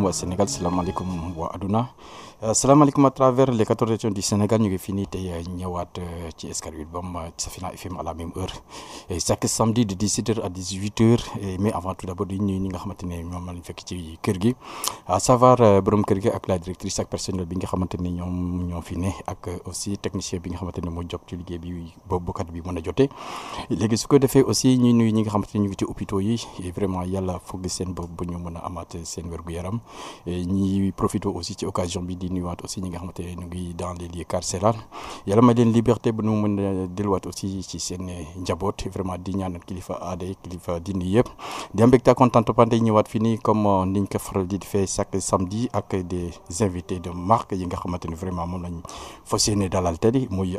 wa Sénégal, salam alaikum wa aduna. Euh, salam alaikum à travers les 14 régions du Sénégal, nous avons fini de euh, Nyawat, euh, qui escarguit bam, Tsafina FM à la même heure. Et chaque samedi de 17h à 18h, mais avant tout d'abord, nous avons fait une fête Kirgi, à savoir, Brom Kirgi, avec la directrice, avec personnel, bien que nous avons fini, avec aussi technicien, bien que nous avons fait une fête Bobokat, bien que nous avons fait. Les ce que nous fait aussi, nous avons fait une fête hôpitaux, et vraiment, il y a la fougue, c'est une bonne amate, c'est une nous profitons aussi de occasion de aussi ñi nga dans les lieux carcérales yàlla may une liberté ba nous mën a delluwaat aussi ci seen vraiment digne ñaanal kilifa aada yi kilifa dini yëpp di am mbégte kontaan pante ñëwaat fini comme euh, niñ ko faral chaque samedi avec des invités de marque yi nga xamante vraiment moom lañ dans yéene dalal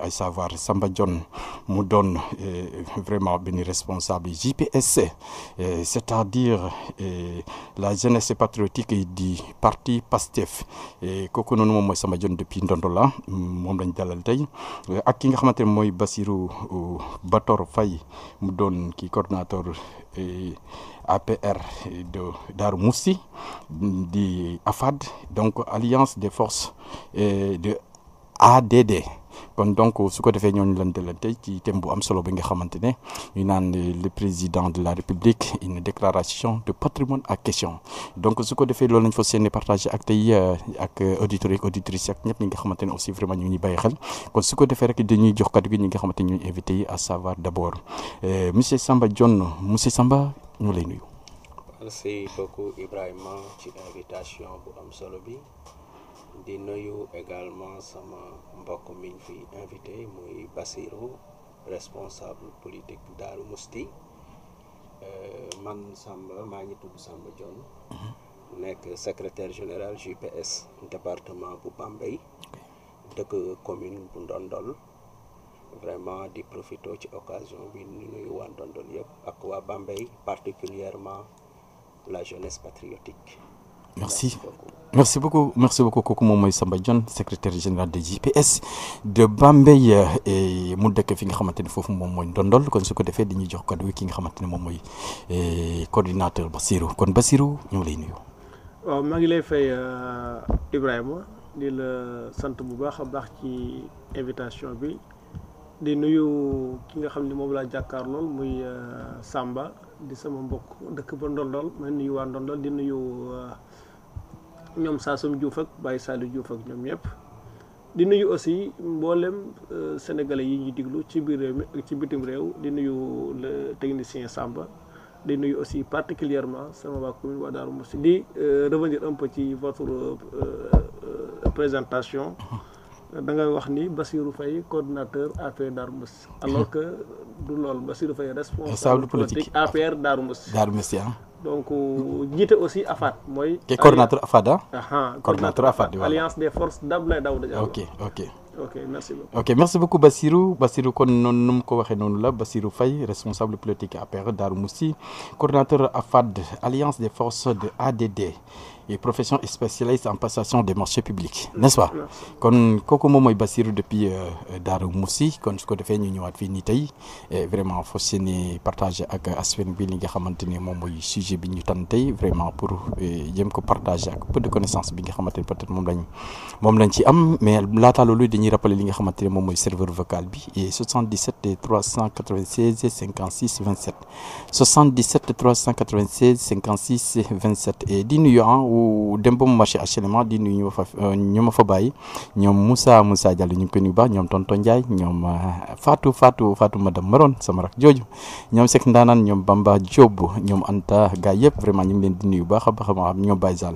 à savoir Samba John nous donne euh, vraiment bien responsable JPSC c'est-à-dire euh, la jeunesse patriotique di parti Pastef et kooku noonu moom mooy depuis Ndondola mon lañ dalal tey ak ki nga Bator Faye mu qui APR e, e, de dar Moussi di AFAD donc Alliance des forces e, de ADD kon donc su ko ñooñu lan tey ci thème am solo le président de la république une déclaration de patrimoine à question donc su loolu fa partager ak euh, ak euh, auditeurs et auditrices ak ñi nga aussi vraiment ñu kon rek dañuy jox à savoir d' euh, monsieur Samba John, monsieur Samba merci beaucoup Ibrahima ci invitation bu am nous avons également sama mbokk miñ fi invité muy responsable politique daru Musti euh, man Samba Samba mhm. secrétaire général du département de Bambey de commune bu Ndondol vraiment di profité ci occasion bi ñu nuyu à Ndondol yëpp ak particulièrement la jeunesse patriotique merci merci beaucoup merci beaucoup Koko moom Samba Dione secrétaire général de JPS de Bambey euh, et Moudeke fi nga Fofu ne foofu moom mooy ndondol kon su ko defee dañuy jox kàddu ki nga xamante ne moom euh, coordinateur Basirou. kon Basirou ñu lay nuyu. waaw maa ngi lay fay euh, Ibrahima di la sante bu baax baax ci invitation bi di nuyu ki nga xamni ne la jakar jàkkaar muy Samba di sama mbokk dëkk ba ndondol ma nuyu waa ndondol di nuyu. ñoom Saasum Diouf ak Baye Saliou Diouf ak ñoom ñëpp di nuyu aussi mboolem euh, sénégalais yi ñu diglu ci biir réew mi ci bitim réew di nuyu le technicien Samba di nuyu aussi particulièrement sama waa commune waa Darou Moussi di euh, revenir un ci votre euh, présentation da nga wax ni bassiru fay coordinateur APR Darou Moussi alors que du loolu Bassirou Faye responsable politique APR Darou Moussi Darou Moussi donc euh, jité aussi AFAD moy coordinateur coordonnateur AFAD ah. coordinateur AFAD alliance des forces d'Abdoulaye daw ok ok merci beaucoup. merci beaucoup Bassirou Basirou, kon noonu ko la Bassirou Faye responsable politique APR Darou Moussi coordinateur AFAD alliance des forces de ADD et profession spécialiste en passation des marchés publics n'est-ce pas Comme kooku moom mooy depuis euh, euh, Darou Moussi je suis venu à ñu ñëwaat fii vraiment Il faut partager avec askan bi li nga xamante ni sujet bi ñu vraiment pour euh, j'aime que partager avec peu de connaissances bi nga xamante peut-être moom lañ moom lañ ci am mais laataa de dañuy rappeler li nga xamante ni mon serveur vocal et 77 396 56 27 77 396 56 27 et di nuyu wu dem ba mu marché HLM di nuyu ñu ma fa euh, ñu ma fa bàyyi ñoom Moussa Moussa Diallo ñu ngi koy nuyu baax ñoom tonton Ndiaye ñoom euh, Fatou Fatou Maron sama rak jooju ñoom Seck Bamba Diop ñu ngi leen di nuyu baax a baax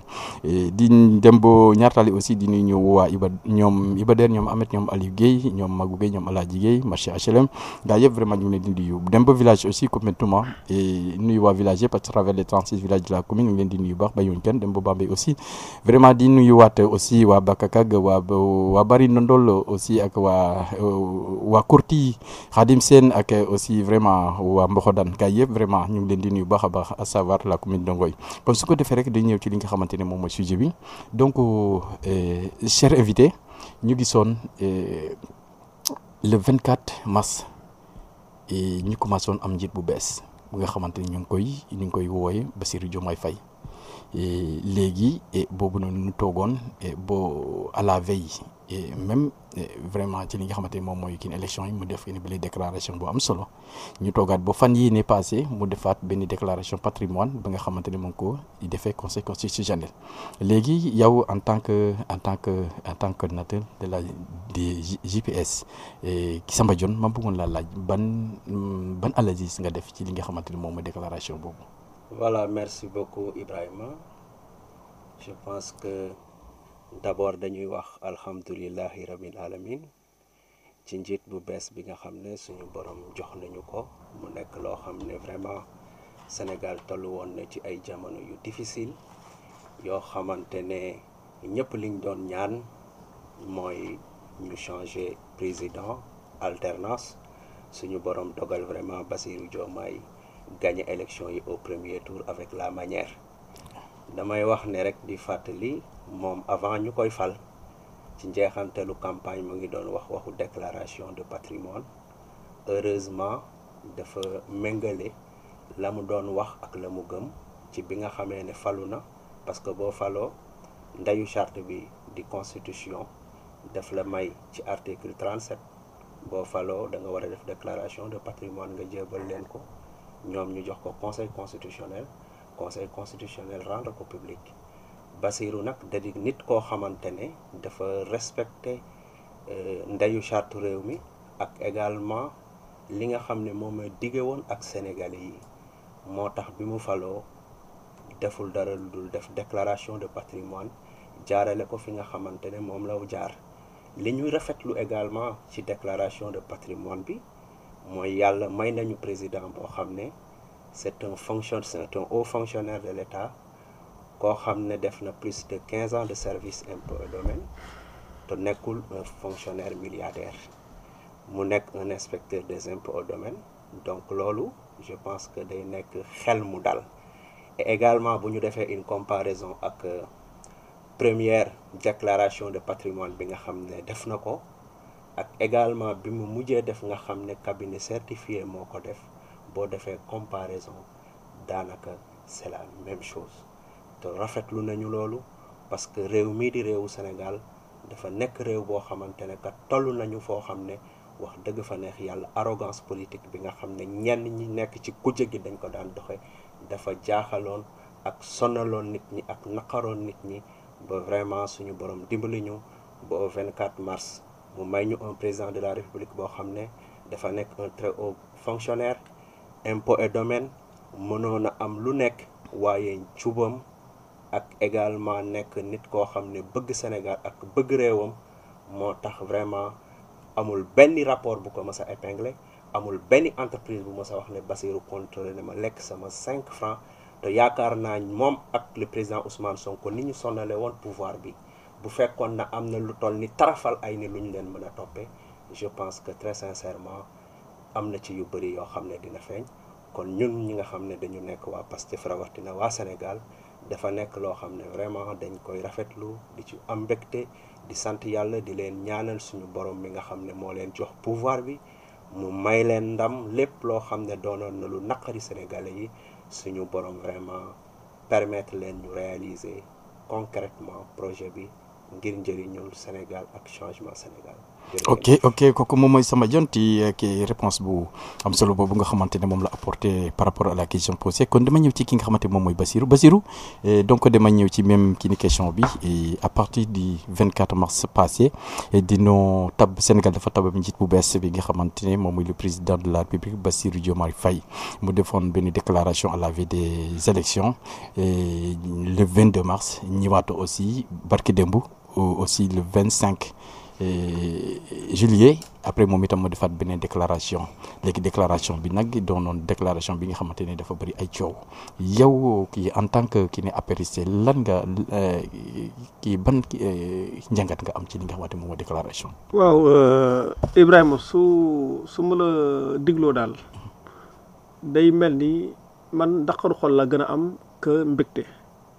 a aussi di ñu waa Iba Der ñoom Amet ñoom Aliou Guèye ñoom Magou Guèye marché HLM gars vraiment ñu ngi leen ñu ngi leen dem ba Bambey aussi vraiment di wat aussi wa Bakakag wa wa Bari Ndondol aussi ak wa euh, wa Kurti Khadim sen ak aussi vraiment wa Mboxodan kay vraiment ñu ngi leen di nuyu baxa bax à savoir la commune de Ngoy ce que de faire rek dañu ñew ci li nga xamante mom sujet bi donc euh, euh, cher invité ñu euh le 24 mars et ñu commencé woon am njiit bu bees bu nga xamanteni ñu ngi koy ñu ngi koy wooye Bassirou Faye léegi boobu nous ñu et bo à la veille et même vraiment ci li nga xamante mom moy kin élection yi mu def une belle déclaration bo am solo ñu toogaat bo fan yi ne passé mu defaat benn déclaration patrimoine ba nga xamante mon ko ngi ko conseil constitutionnel léegi yow en tant que en tant que en tant que coordinateur de la des GPS Samba Dione ma la laa laaj ban ban analyse nga def ci li nga xamante mom moom déclaration bo voilà, merci beaucoup Ibrahima. Je pense que d'abord dañuy wax alhamdulillahi alamin borom ko vraiment Sénégal tollu ci ay yu difficile ne liñ doon changer président alternance borom vraiment Basirou Diomaye gagné élection yi au premier tour avec la manière damay wax ne rek di fàttali moom avant ñu koy fal ci njeexantelu campagne mu ngi doon wax waxu déclaration de patrimoine heureusement dafa méngale la mu doon wax ak la mu gëm ci bi nga xamee ne falu na parce que boo faloo ndayu charte bi di constitution daf la may ci article 37 boo faloo da nga war a def déclaration de patrimoine nga jébal leen ko ñom ñu jox ko conseil constitutionnel conseil constitutionnel rendre ko public basirou nak da nit ko xamantene dafa respecter euh, ndeyu charte réew mi ak également li nga xam ne moom ak sénégalais yi motax bimu falo deful dara dul def déclaration de patrimoine jaarale ko fi nga xamantene mom la law jaar li ñuy rafetlu également ci déclaration de patrimoine bi moy président c'est un fonctionnaire haut fonctionnaire de l'État qui a fait plus de 15 ans de service impôts domaine. domaine. Il est un fonctionnaire milliardaire mu est un inspecteur des impôts au domaine. donc je pense que day nekk xel mu dal et également si on fait une comparaison ak euh, première déclaration de patrimoine bi nga xamné ak également bi mu mujjee def nga xam ne cabinet certifié moo ko def boo defee comparaison daanaka c'est la même chose te rafetlu nañu loolu parce que réew mii di réewu Sénégal dafa nekk réew boo xamante ne kat toll nañu foo xam ne wax dëgg fa neex yàlla arrogance politique bi nga xam ne ñenn ñi nekk ci kujje gi dañ ko daan doxe dafa jaaxaloon ak sonaloon nit ñi ak naqaroon nit ñi ba vraiment suñu borom dimbali ñu ba 24 mars je un président de la république qui a un très haut fonctionnaire et domaine également nekk nit bëgg Sénégal ak bëgg vraiment amul rapport bu ko mësa épinglé amul entreprise bu wax ne contrôlé ma sama 5 francs te yaakaar naa moom le président Ousmane Sonko pouvoir bu fekkoon na am na lu toll ni tarafal ay ni lu ñu leen mën a toppee je pense que très sincèrement am na ci yu bëri yoo xam ne dina feeñ kon ñun ñi nga xam ne dañu nekk waa Pastef rawatina waa Sénégal dafa nekk loo xam ne vraiment dañ koy rafetlu di ci am mbégte di sant yàlla di leen ñaanal suñu borom mi nga xam ne moo leen jox pouvoir bi mu may leen ndam lépp loo xam ne doonoon na lu naqari sénégalais yi suñu borom vraiment permettre leen ñu réaliser concrètement projet bi ngir njëriñul Sénégal ak changement Sénégal. ok ok kooku moom mooy Samba Dione eh, réponse bu am solo boobu nga xamante ne moom la apporté par rapport à la question posée kon dama ñëw ci ki nga xamante moom mooy Basirou Basirou eh, donc dama ñëw ci même kii ni question bi à partir du 24 mars passé eh, dino tab Sénégal dafa tab njiit bu bees bi nga xamante ne moom mooy le président de la République Basiru Diomaye Faye mu defoon benn déclaration à la vie des élections le 22 mars ñëwaat aussi barki démb aussi le 25 juillet après mon itam de defaat déclaration les déclarations bi dont doonoon déclaration bi nga xamante ne dafa bëri ay yow en tant que ki ne apériste lan nga euh, kii ban qui euh, nga am ci li nga xamante déclaration. Wow euh, Ibrahim sous sou ma diglo dal day ni man d'accord xol la gën am que mbégte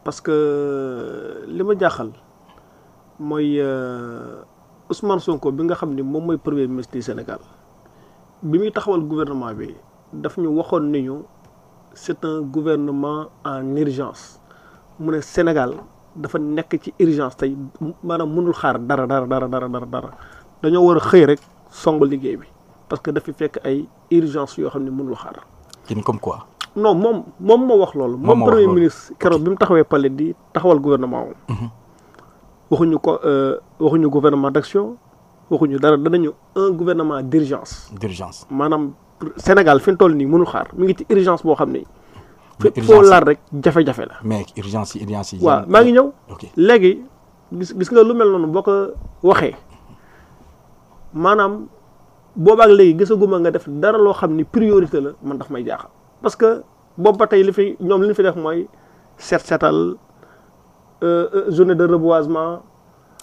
parce que le ma mooy euh, Ousmane Sonko bi nga xam ni moom mooy premier ministre du Sénégal bi muy taxawal gouvernement bi dafa ñu waxoon ni ñu c'est un gouvernement en urgence mu ne Sénégal dafa nekk ci urgence tey maanaam mënul xaar dara dara dara dara dara dara dañoo war a xëy rek song liggéey bi parce que dafa fekk ay urgence yoo xam ne mënul xaar. kin comme quoi. non moom moom moo wax loolu. moom premier ministre keroog bi mu taxawee palais di taxawal gouvernement am. Mhm. waxuñu ko euh, waxuñu gouvernement d'action waxuñu dara danañu un gouvernement d'urgence. d'urgence maanaam Sénégal fi tolni, toll nii xaar mi ngi ci urgence boo xam ne. fépp foo laal rek jafe-jafe la. mais urgence yi urgence yi. waaw maa ngi ñëw. Légui, gis gis nga lu mel noonu boo ko waxee maanaam boobaak légui, gisaguma nga def dara loo xam ni priorité la man daf may jaaxal. parce que boobu ba tey li fi ñoom li ñu fi def mooy seet seetal. Euh, euh, journée de reboisement.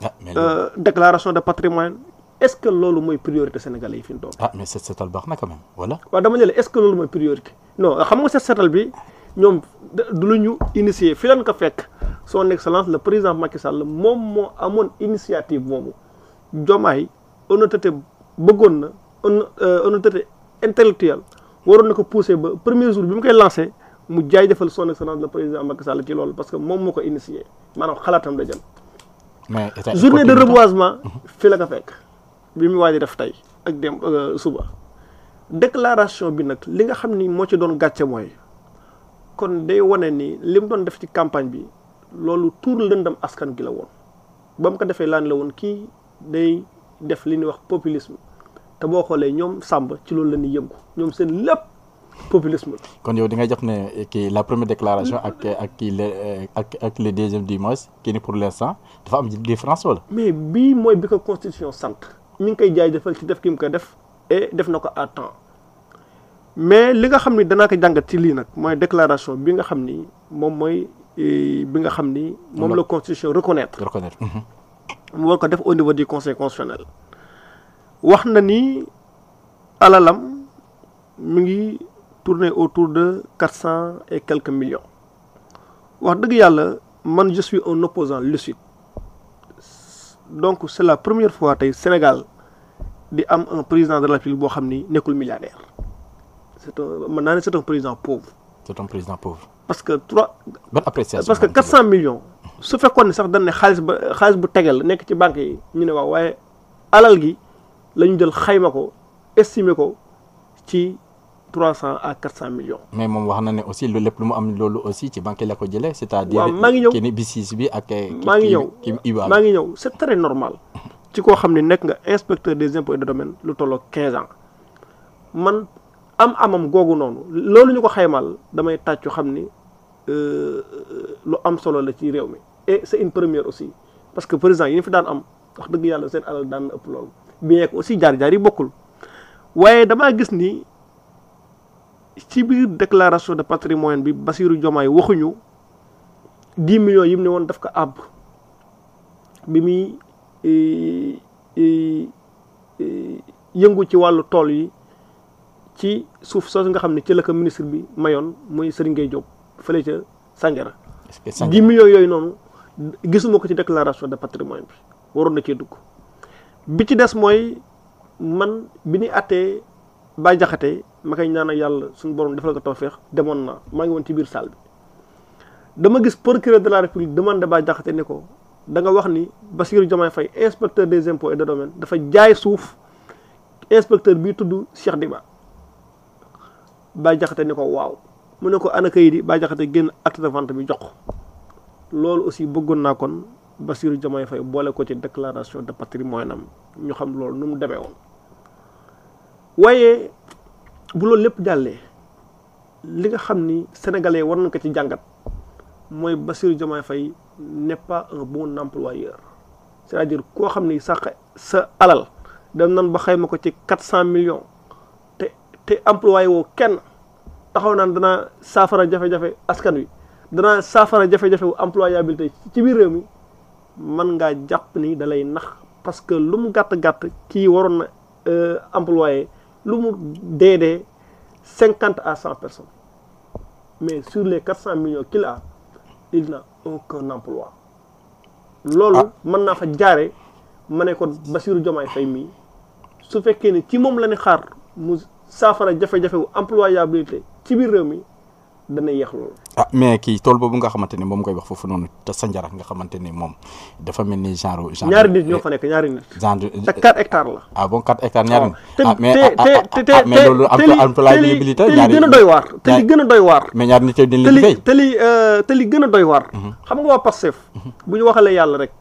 Ah, euh, déclaration de patrimoine est-ce que loolu mooy priorité sénégalais yi fi ah mais c'est c'est baax na quand même voilà. waaw dama ne est-ce que loolu mooy priorité non xam nga set setal bi ñoom du initier fi leen ko fekk son excellence le président Macky Sall moom moo amoon initiative moomu un honnêteté bëggoon na honnêteté intellectuelle waroon na ko pousser ba premier jour bi mu koy lancé. mu jaay defal son excellence le président Macky Sall ci loolu parce que moom moo ko man maanaam xalaatam la jël. mais journée de reboisement. Mhm. fi la ko fekk bi mu waaj def tey ak dem euh, suba. déclaration bi nag li nga xam ni moo ci doon gàcce mooy kon day wane ni li mu doon def ci campagne bi loolu tuur lëndam askan gi la woon ba mu ko defee laan la woon kii day def li ñuy wax populisme te boo xoolee ñoom sàmb ci loolu la ñuy yëngu ñoom seen lépp. populisme la. kon yow la première déclaration ak le deuxième du qui pour l'instant dafa am mais bi constitution ngi defal et def mais li nga xamni je ko déclaration bi nga eh, la constitution reconnaître. reconnaître. Mhm. war au niveau du conseil constitutionnel. wax na ni alalam tourner autour de 400 et quelques millions je suis un opposant lucide donc c'est la première fois le Sénégal a un président de la République qui n'est milliardaire c'est un président pauvre. c'est un président pauvre. parce que 400 millions. ce banque 300 à 400 millions. mais mon wahana na ne aussi le lépp lu am aussi ci banque la ko c'est-à-dire waaw maa ngi bi ak. Eh, maa ngi ñëw c'est très normal. ci koo xam nek nga inspecteur des impôts de domaine domaines lu tolloo 15 ans man am amam googu noonu loolu ñu ko xaymal damay tatchu xam ni euh, lu am solo la ci réew mi. et c'est une première aussi parce que président yi ñu fi daan am wax deug yalla seen alal daan ëpp loolu bien que aussi jar jar yi bokul waaye dama gis ni. ci biir déclaration de patrimoine bi Bassirou jomaay waxuñu dix millions yi mu ne woon daf ko àbb bi muy e, e, e, yëngu ci wàllu tool yi ci suuf soo soosu nga xam ne ci la ko ministre bi mayoon muy Serigne Gueye Diop fële ca Sandiara dix millions yooyu noonu gisuma ko ci déclaration de patrimoine bi waroon na cee dugg bi ci des mooy man bi ñu àttee ba jaxate ma koy ñaanal yàlla suñu borom defal ko tawféex demoon na maa ngi woon ci biir salle bi dama gis procureur de la république demande ba jaxate ne ko da nga wax ni basir Diomaye fay inspecteur des impôts et des domaines dafa jaay suuf inspecteur bi tudd Cheikh Diba ba jaxate ne ko waaw mu ne ko ana kay di ba jaxate génn acte de vente bi jox loolu aussi bëggoon naa kon basir Diomaye fay boole ko ci déclaration de patrimoine am ñu xam loolu nu mu demee woon bu loolu lépp jàllee li nga xam ni sénégalais war nañ ko ci jàngat mooy basir Diomaye fay n'est pas un bon employeur c'est-à-dire koo xam ni sa sa alal dem nan ba xayma ko ci 400 millions te te employé woo kenn taxaw naan dana saafara jafe-jafe askan wi dana saafara jafe-jafe wu employabilité ci biir réew mi man ngaa jàpp ni dalay nax parce que lu mu gàtt-gàtt kii waroon na euh, employé lu mu dee dee cinquante à cent personnes mais sur les quatre cent millions qu'il a il n'a aucun emploi loolu ah. mën naa fa jaare ma ne kon Bassirou Diomaye Faye mii su fekkee ne ci moom la ñu xaar mu saafara jafe-jafewu employabilité ci biir réew mi dana yéex loolu. ah mais kii tool boobu nga xamante ni moom koy wax foofu noonu te sa njara nga xamante ni moom dafa mel ni genre. genre ñaari nit ñoo fa nekk ñaari nit. genre te 4 hectares la. ah bon 4 hectares ñaari nit. ah gën a doy waar. gën a doy waar. mais ñaari nit yooyu dañ leen fay te li euh, te li gën a doy waar. Mhm. xam nga waa Pastef. bu ñu waxale yàlla rek.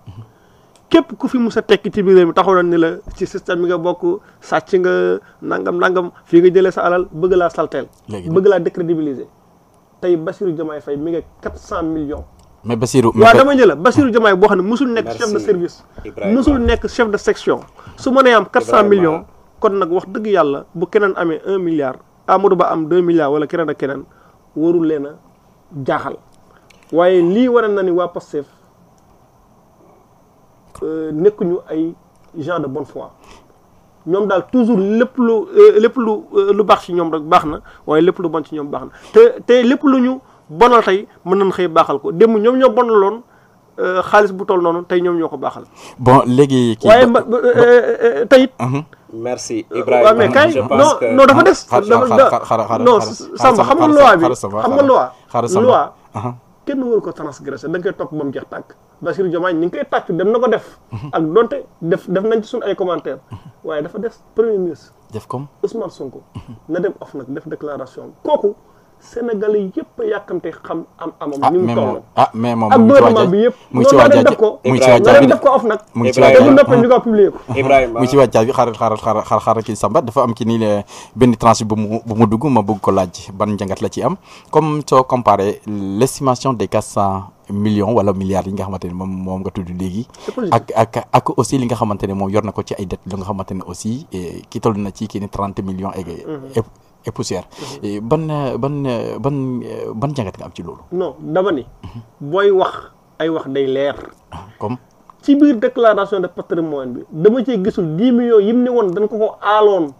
képp ku fi mus a tekki ci biir réew mi taxaw na ni la ci système bi nga bokk sàcc nga nangam nangam fii nga jëlee sa alal bëgg laa salteel bëgg laa décrédibiliser tey Bassirou Diomaye Faye mi ngi 400 millions. mais Bassirou waaw dama ñu la Bassirou Diomaye boo xam ne musul nekk chef de service. musul nekk chef de section. su ma nee am 400 millions. kon nag wax dëgg yàlla bu keneen amee un milliard Amadou Ba am 2 milliards wala keneen ak keneen warul leen jaaxal waaye lii war na ni waa Pastef euh, nekkuñu ay gens de bonne foi. ñoom daal toujours lépp lu euh, lépp lu euh, lu baax ci ñoom rek baax na waaye lépp lu bon ci ñoom baax na te te lépp lu ñu bonal tey mën nañ xëy baaxal ko démb ñoom ñoo bonaloon euh, xaalis bu toll noonu tey ñoom ñoo ko baaxal. bon léegi. kii waaye tey it. Mhm. merci Ibrahima waaw mais kay non non dafa des. dafa non Samba xam nga loi bi xam nga loi. loi. kenn waru ko transgressé da nga koy topp ba mu jeex tàkk Bassirou Diomaye ñu ngi koy tàccu dem na ko def mhm. ak donte def def nañ ci ay commentaire mhm. waaye dafa des premier ministre def comme Ousmane ko mhm. na dem of nag def déclaration kooku Sénégalais yëpp a yàkkamte xam am amam. ah mais moom ah mais moom mu ngi ci waajal mu ngi ci waajal mu ngi ci waajal bi def ko of nag. mu ngi ci waajal bi nag mu ngi ko publié ko. Ibrahima mu ngi ci waajal bi xaaral xaaral xaaral xaaral ci Samba dafa am ci nii benn tranche bu mu bu mu dugg ma bëgg ko laaj ban njàngat la ci am comme soo comparé l' estimation des quatre cent millions wala milliards yi nga xamante ne moom moom nga tudd léegi. ak ak ak aussi li nga xamante ne moom yor na ko ci ay dettes li nga xamante ne aussi eh, ki toll na ci kii ni trente millions. et mm-hmm. et poussière. Mhm. ban ban ban ban jàngat nga am ci loolu. non dama ni. Mhm. booy wax ay wax day leer. comme. ci biir déclaration de patrimoine bi dama cee gisul dix millions yim ne woon dañ ko ko aaloon.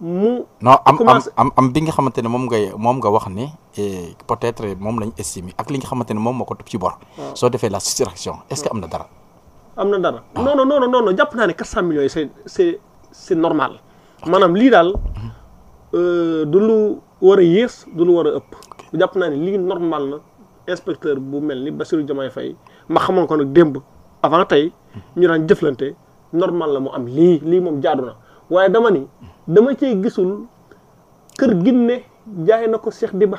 mu non am am am bi nga xamante ne moom ngay moom nga wax ne eh, peut-être moom lañ estimé ak li nga xamante ne moom moo ko topp ci bor. Ah. soo defee la soustraction est-ce am na dara. am na dara ah. non non jàpp naa ne quatre cent millions yi c'est c'est normal maanaam lii daal. Mhm. Euh, du lu war a yées du lu war a ëpp. jàpp naa ne lii normal na inspecteur bu mel ni ba Bassirou Diomaye fay ma xamoon ko nag démb avant tey mhm. ñu daan jëflante normal la mu am lii lii moom jaadu na waaye dama ni mhm. dama cee gisul kër ginne jaay na ko Cheikh Diba.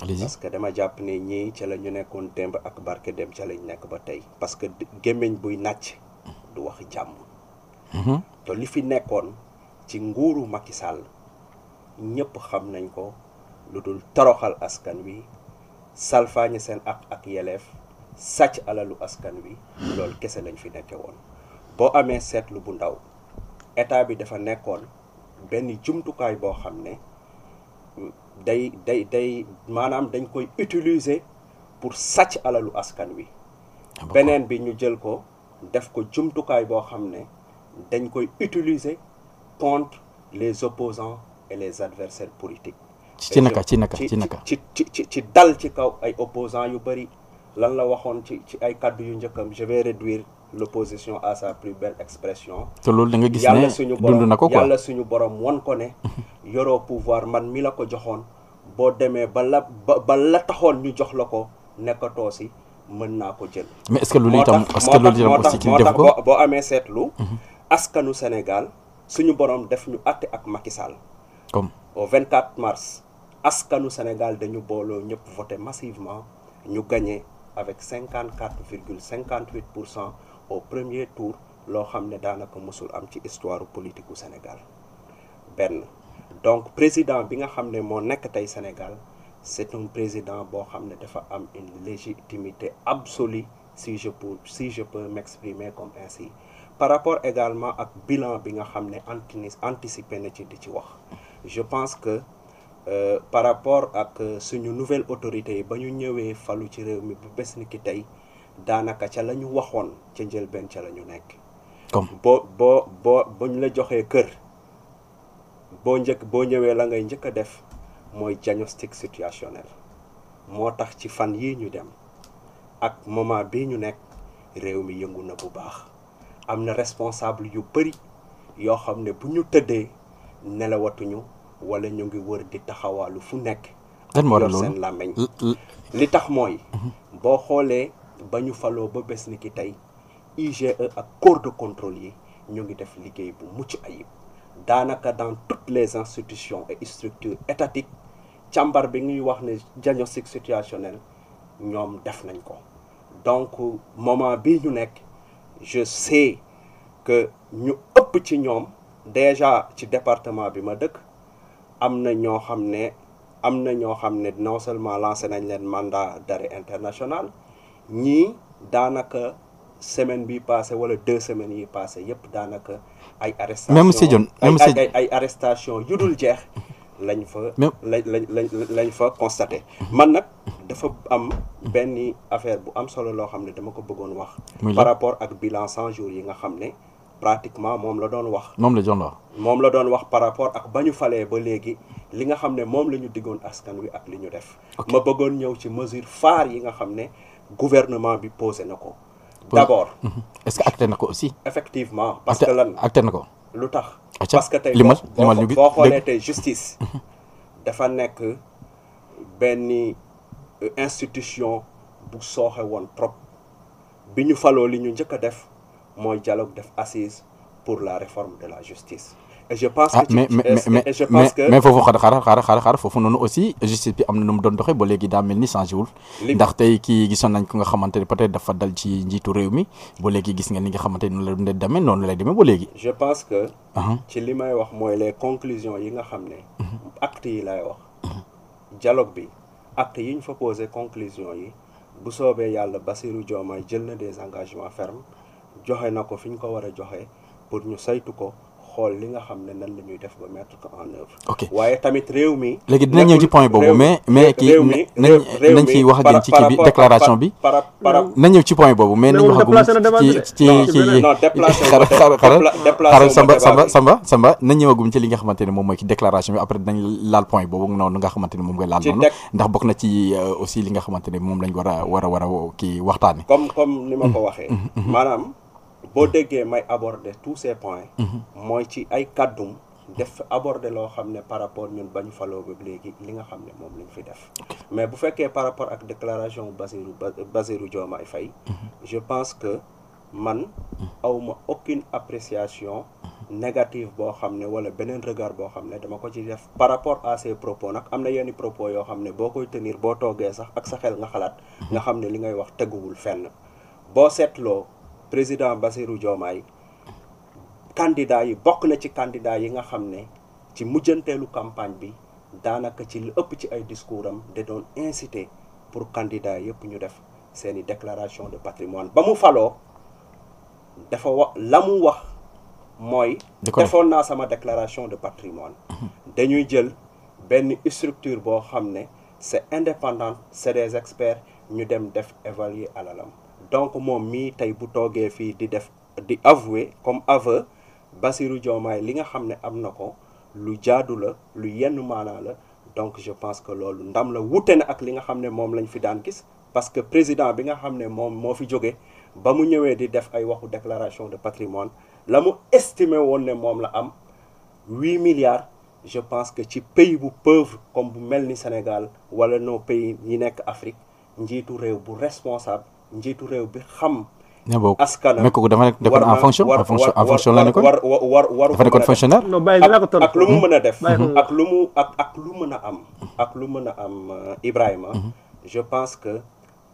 parce que dama jàpp ne ñii ca la ñu nekkoon démb ak barke dem ca lañu nekk ba tey parce que gémmiñ buy nàcc du wax jàmm mhm. te li fi nekkoon ci nguuru Macky Sall ñëpp xam nañ ko lu dul toroxal askan wi salfaañi seen ak ak yeleef sàcc alalu askan wi loolu kese lañ fi nekke woon boo amee seetlu bu ndaw état bi dafa nekkoon benn jumtukaay boo xam ne day day day maanaam dañ koy utiliser pour sàcc alalu askan wi ah, beneen bi ñu jël ko def ko jumtukaay boo xam koy utiliser contre les opposants et les adversaires politiques ci naka ci naka ci ci dal ci kaw ay opposants yu lan la ci ay je vais réduire l'opposition a sa plus belle expression. te loolu suñu borom won ko ne. yoroo pouvoir man mi la ko joxoon bo démé ba la ba la taxoon ñu jox la ko nekkatoo si mën na ko jël. mais est-ce que lu itam est-ce que loolu itam aussi ki def ko boo amee seetlu. Mhm. askanu Sénégal suñu borom def ñu atté ak Macky Sall. comme au 24 mars askanu Sénégal dañu bolo ñëpp voter massivement ñu gagner avec 54,58% au premier tour loo xam ne daanaka mosul am ci histoire politique au Sénégal benn donc président bi nga xam ne Sénégal c'est un président qui a am une légitimité absolue si je peux si je peux m'exprimer comme ainsi par rapport également ak bilan bi nga xam anticipé na ci di je pense que euh, par rapport ak euh, suñu nouvelle autorité yi ba ñu ñëwee falu ci réew mi bu ni daanaka ca la ñu waxoon ca njëlbeen ca la ñu nekk. comme boo boo boo ba ñu la joxee kër boo njëkk boo ñëwee la ngay njëkk a def mooy diagnostic situationnel moo tax ci fan yii ñu dem ak moment bi ñu nekk réew mi yëngu na bu baax am na responsable yu bari yoo xam ne bu ñu tëddee nelawatuñu wala ñu ngi wër di taxawaalu fu nekk. lan seen làmmiñ li tax mooy. Mhm. boo xoolee. bañu falo ba bés ni ki IGE ak corps de contrôle yi ñu ngi def liggéey bu mucc ayib danaka dans toutes les institutions et structures étatiques chambar bi ñuy wax ne diagnostic situationnel ñom def nañ ko donc moment bi ñu nek je sais que ñu upp ci ñom déjà ci département bi ma dëkk amna ño xamné amna ño xamné na non seulement lancé nañ leen mandat d'arrêt international ñii daanaka semaine bi passé wala deux semaines yi passé yëpp daanaka ay arrestation même si John même ay arrestation yu dul jeex lañ fa lañ lañ lañ fa constaté man nag dafa am benn affaire bu am solo loo xam ne dama ko bëggoon wax par rapport ak bilan 100 jours yi nga xam ne pratiquement moom la doon wax moom la doon wax moom la doon wax par rapport ak ba ñu falee ba léegi li nga xam ne moom la ñu diggoon askan wi ak li ñu def ma bëggoon ñëw ci mesure phare yi nga xam ne gouvernement bi posé nako D'abord. Mhm. est-ce que acté un aussi. effectivement parce que lan acté nako lutax parce que tay limal limal ñu bi justice. Mhm. dafa nekk que euh, institution bu soxé won trop biñu falo li ñu jëk def dialogue def assise pour la réforme de la justice je pense que mais mais mais vous mais aussi justice bi pas ba ndax tay ki nañ ko nga peut-être que dal ci njitu réew mi ba gis nga ni nga la je pense que ci que wax les conclusions yi nga xamné mhm. acte yi lay wax dialogue bi acte yi ñu fa posé conclusion yi bu soobee yàlla basiru que. jël na des engagements fermes joxe na ko ko war a pour ñu saytu ko xool li nga xam ne nan la ñuy def ba mettre ko en œuvre. ok waaye tamit réew mi. léegi dinañ ñëw ci point boobu mais mais kii nañ nañ wax ak yéen ci kii bi déclaration bi. nañ ñëw ci point boobu mais nañ wax ak ci ci ci xaral xaral Samba Samba Samba Samba nañ ñëwagum ci li nga xamante ne moom mooy ci déclaration bi après dinañ laal point boobu noonu nga xamante ne moom nga laal noonu. ndax bokk na ci euh, aussi li nga xamante ne moom lañ war a war a war a kii waxtaane. comme comme ni ma boo déggee may aborder tous ces points. moy mhm. ci ay kàddum def aborder lo xamné par rapport ñun bañu falo ba léegi li nga xamné mom moom lañ fi def. mais bu féké par rapport ak déclaration Basirou Basirou Diomaye fay mhm. je pense que man awuma aucune appréciation. Mhm. négative bo xamné wala benen regard bo xamné dama ko ci def par rapport à ces propos nak amna na propos yo xamné bokoy tenir bo togué sax ak sa xel nga xalat nga xamné li ngay wax teguwul fenn bo setlo président Bassirou Diomaye candidat yi bok na ci candidat yi nga xamné ci mujjanteelu campagne bi danaka ci li ëpp ci ay discours de don inciter incité pour candidat yëpp ñu def seeni déclaration de patrimoine ba mu faloo dafa wax la wax moy defoon na sama déclaration de patrimoine mhm. dañuy jël une structure bo xamné c'est indépendant c'est des experts ñu dem def évaluer à alalam donc mom mi tay bu toogee fi di def di avouer comme aveu Bassirou Diomaye li nga xam ne am na ko lu jaadu la lu yenn maanaa la donc je pense que loolu ndam la wouté na ak li nga xam mom lañ fi daan gis parce que président bi nga xam mom mo fi jóge ba mu ñëwé di def ay waxu déclaration de patrimoine lamu estimé woon ne mom la am huit milliards je pense que ci pays bu pauvre comme bu melni Sénégal wala nos pays yi nekk Afrique njitu réew bu responsable njiitu réew bi xam. Ah askanam mais dama nekkoon en fonction en fonction en fonction la nekkoon war war war dafa nekkoon fonctionnaire. non bàyyi dinaa ko tontu ak lu mu mën a def. ak lu mu ak ak lu mën a am. ak lu mën a am euh, Ibrahima. Mhm. je pense que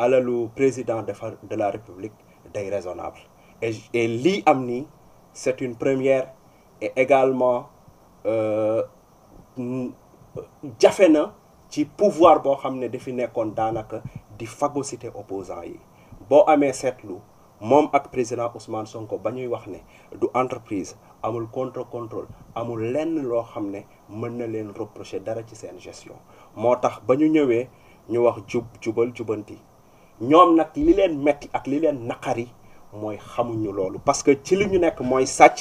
alalu président de la république day raisonnable. et et lii am nii c' est une première et également euh, jafe na ci pouvoir boo xam ne dafi nekkoon daanaka di phagocyté opposant yi. boo amee seetlu moom ak président Ousmane Sonko ba ñuy wax ne du entreprise amul contre contrôle amul lenn loo xam ne mën na leen reprocher dara ci seen gestion moo tax ba ñu ñëwee ñu wax jub jubal jubanti ñoom nag li leen metti ak li leen naqari mooy xamuñu loolu parce que ci li ñu nekk mooy sàcc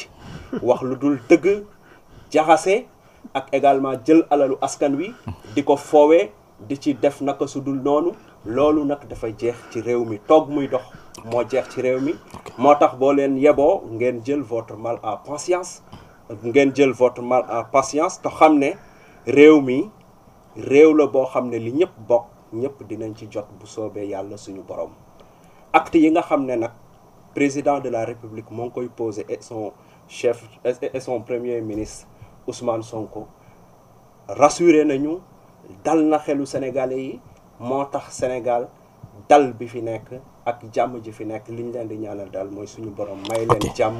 wax lu dul dëgg jaxase ak également jël alalu askan wi di ko foowee di ci def naka su dul noonu loolu nag dafa jeex ci réew mi muy dox moo jeex ci réew mi moo tax boo leen jël votre mal à patience votre mal à patience te xam ne réew la li ñëpp bokk ñëpp dinañ ci jot bu soobee yàlla suñu borom acte président de la république moo koy et son chef et son premier ministre Ousmane Sonko rassuré nañu dal na xelu sénégalais yi motax Senegal dal bi fi nek ak jamm ji fi nek liñ ñu leen di ñaanal dal moy suñu borom may leen jamm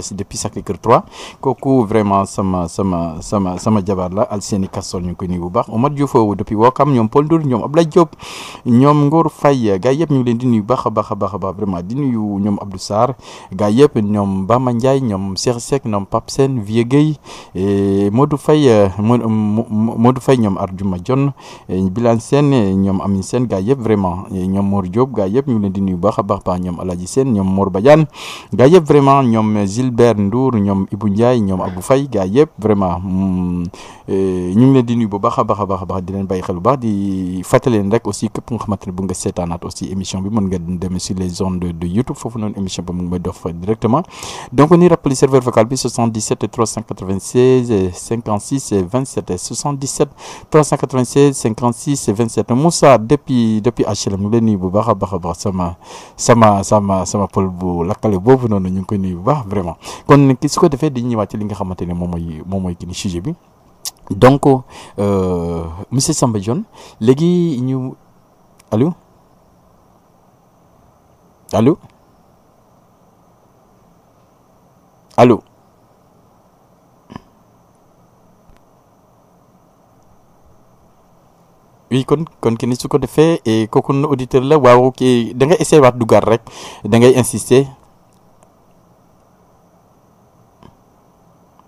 c'est depuis Sacré-Cœur 3 vraiment sama sama sama sama euh, depuis Wakam Paul Diop Ngor a vraiment di nuyu Abdou vraiment vraiment Wilbert Ndour Ibou Ndiaye ñom Abou gars yépp vraiment mm, eh, ñu ngi leen di nuyu bu baax a baax baax di leen bàyyi xel bu baax di fàttali leen rek aussi képp nga xamante ne bu nga seetaanaat aussi émission bi mën nga dem sur les ondes de YouTube foofu noonu émission bi mu ngi may directement donc ni rappelé serveur vocal bi 77 396 56 27 77 396 56 27 Moussa depuis depuis HLM ñu ngi leen nuyu bu baax a baax sama sama sama sama pël bu lakkale boobu noonu ñu ngi koy nuyu bu baax vraiment kon que ko defé dañuy ñëwaat li nga sujet donc euh, monsieur Samba John, ñu Allô? Allô? Allô? oui kon kon ki ni su ko et auditeur la waaw ki da nga essayer waat rek da insister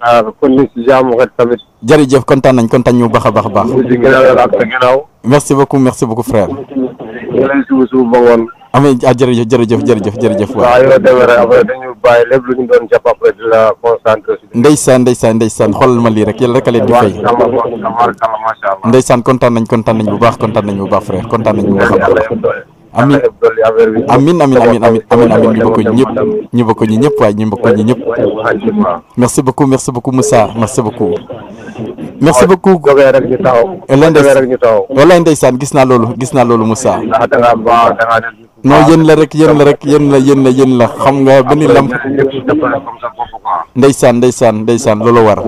waaw ah, kon ñu tamit. jërëjëf kontaan nañ kontaan ñu baax a baax a baax. merci beaucoup merci beaucoup frère. ñu lay suuf suuf ba ngoon. amee ah jërëjëf jërëjëf jërëjëf waa waaw yoo demee rek après dañu bàyyi lépp lu ñu doon jàpp après di la concentré. ndeysaan ndeysaan ndeysaan xoolal ma lii rek yàlla rek a leen di fay. ndeysaan kontaan nañ kontaan nañ bu baax kontaan nañ bu baax frère kontaan nañ bu baax a baax. amin amin amin amin amin amin amin ñu bëgg ñëpp ñu bëgg ñi ñëpp waaye ñu bëgg ñi ñëpp merci beaucoup merci beaucoup Moussa merci beaucoup merci beaucoup jógee ñu taxaw jógee ñu taxaw gis naa loolu gis naa loolu Moussa ah, non ah, yéen la rek yéen la rek yéen la yéen la yéen la xam nga ba ni lamp ndeysaan ndeysaan ndeysaan loola war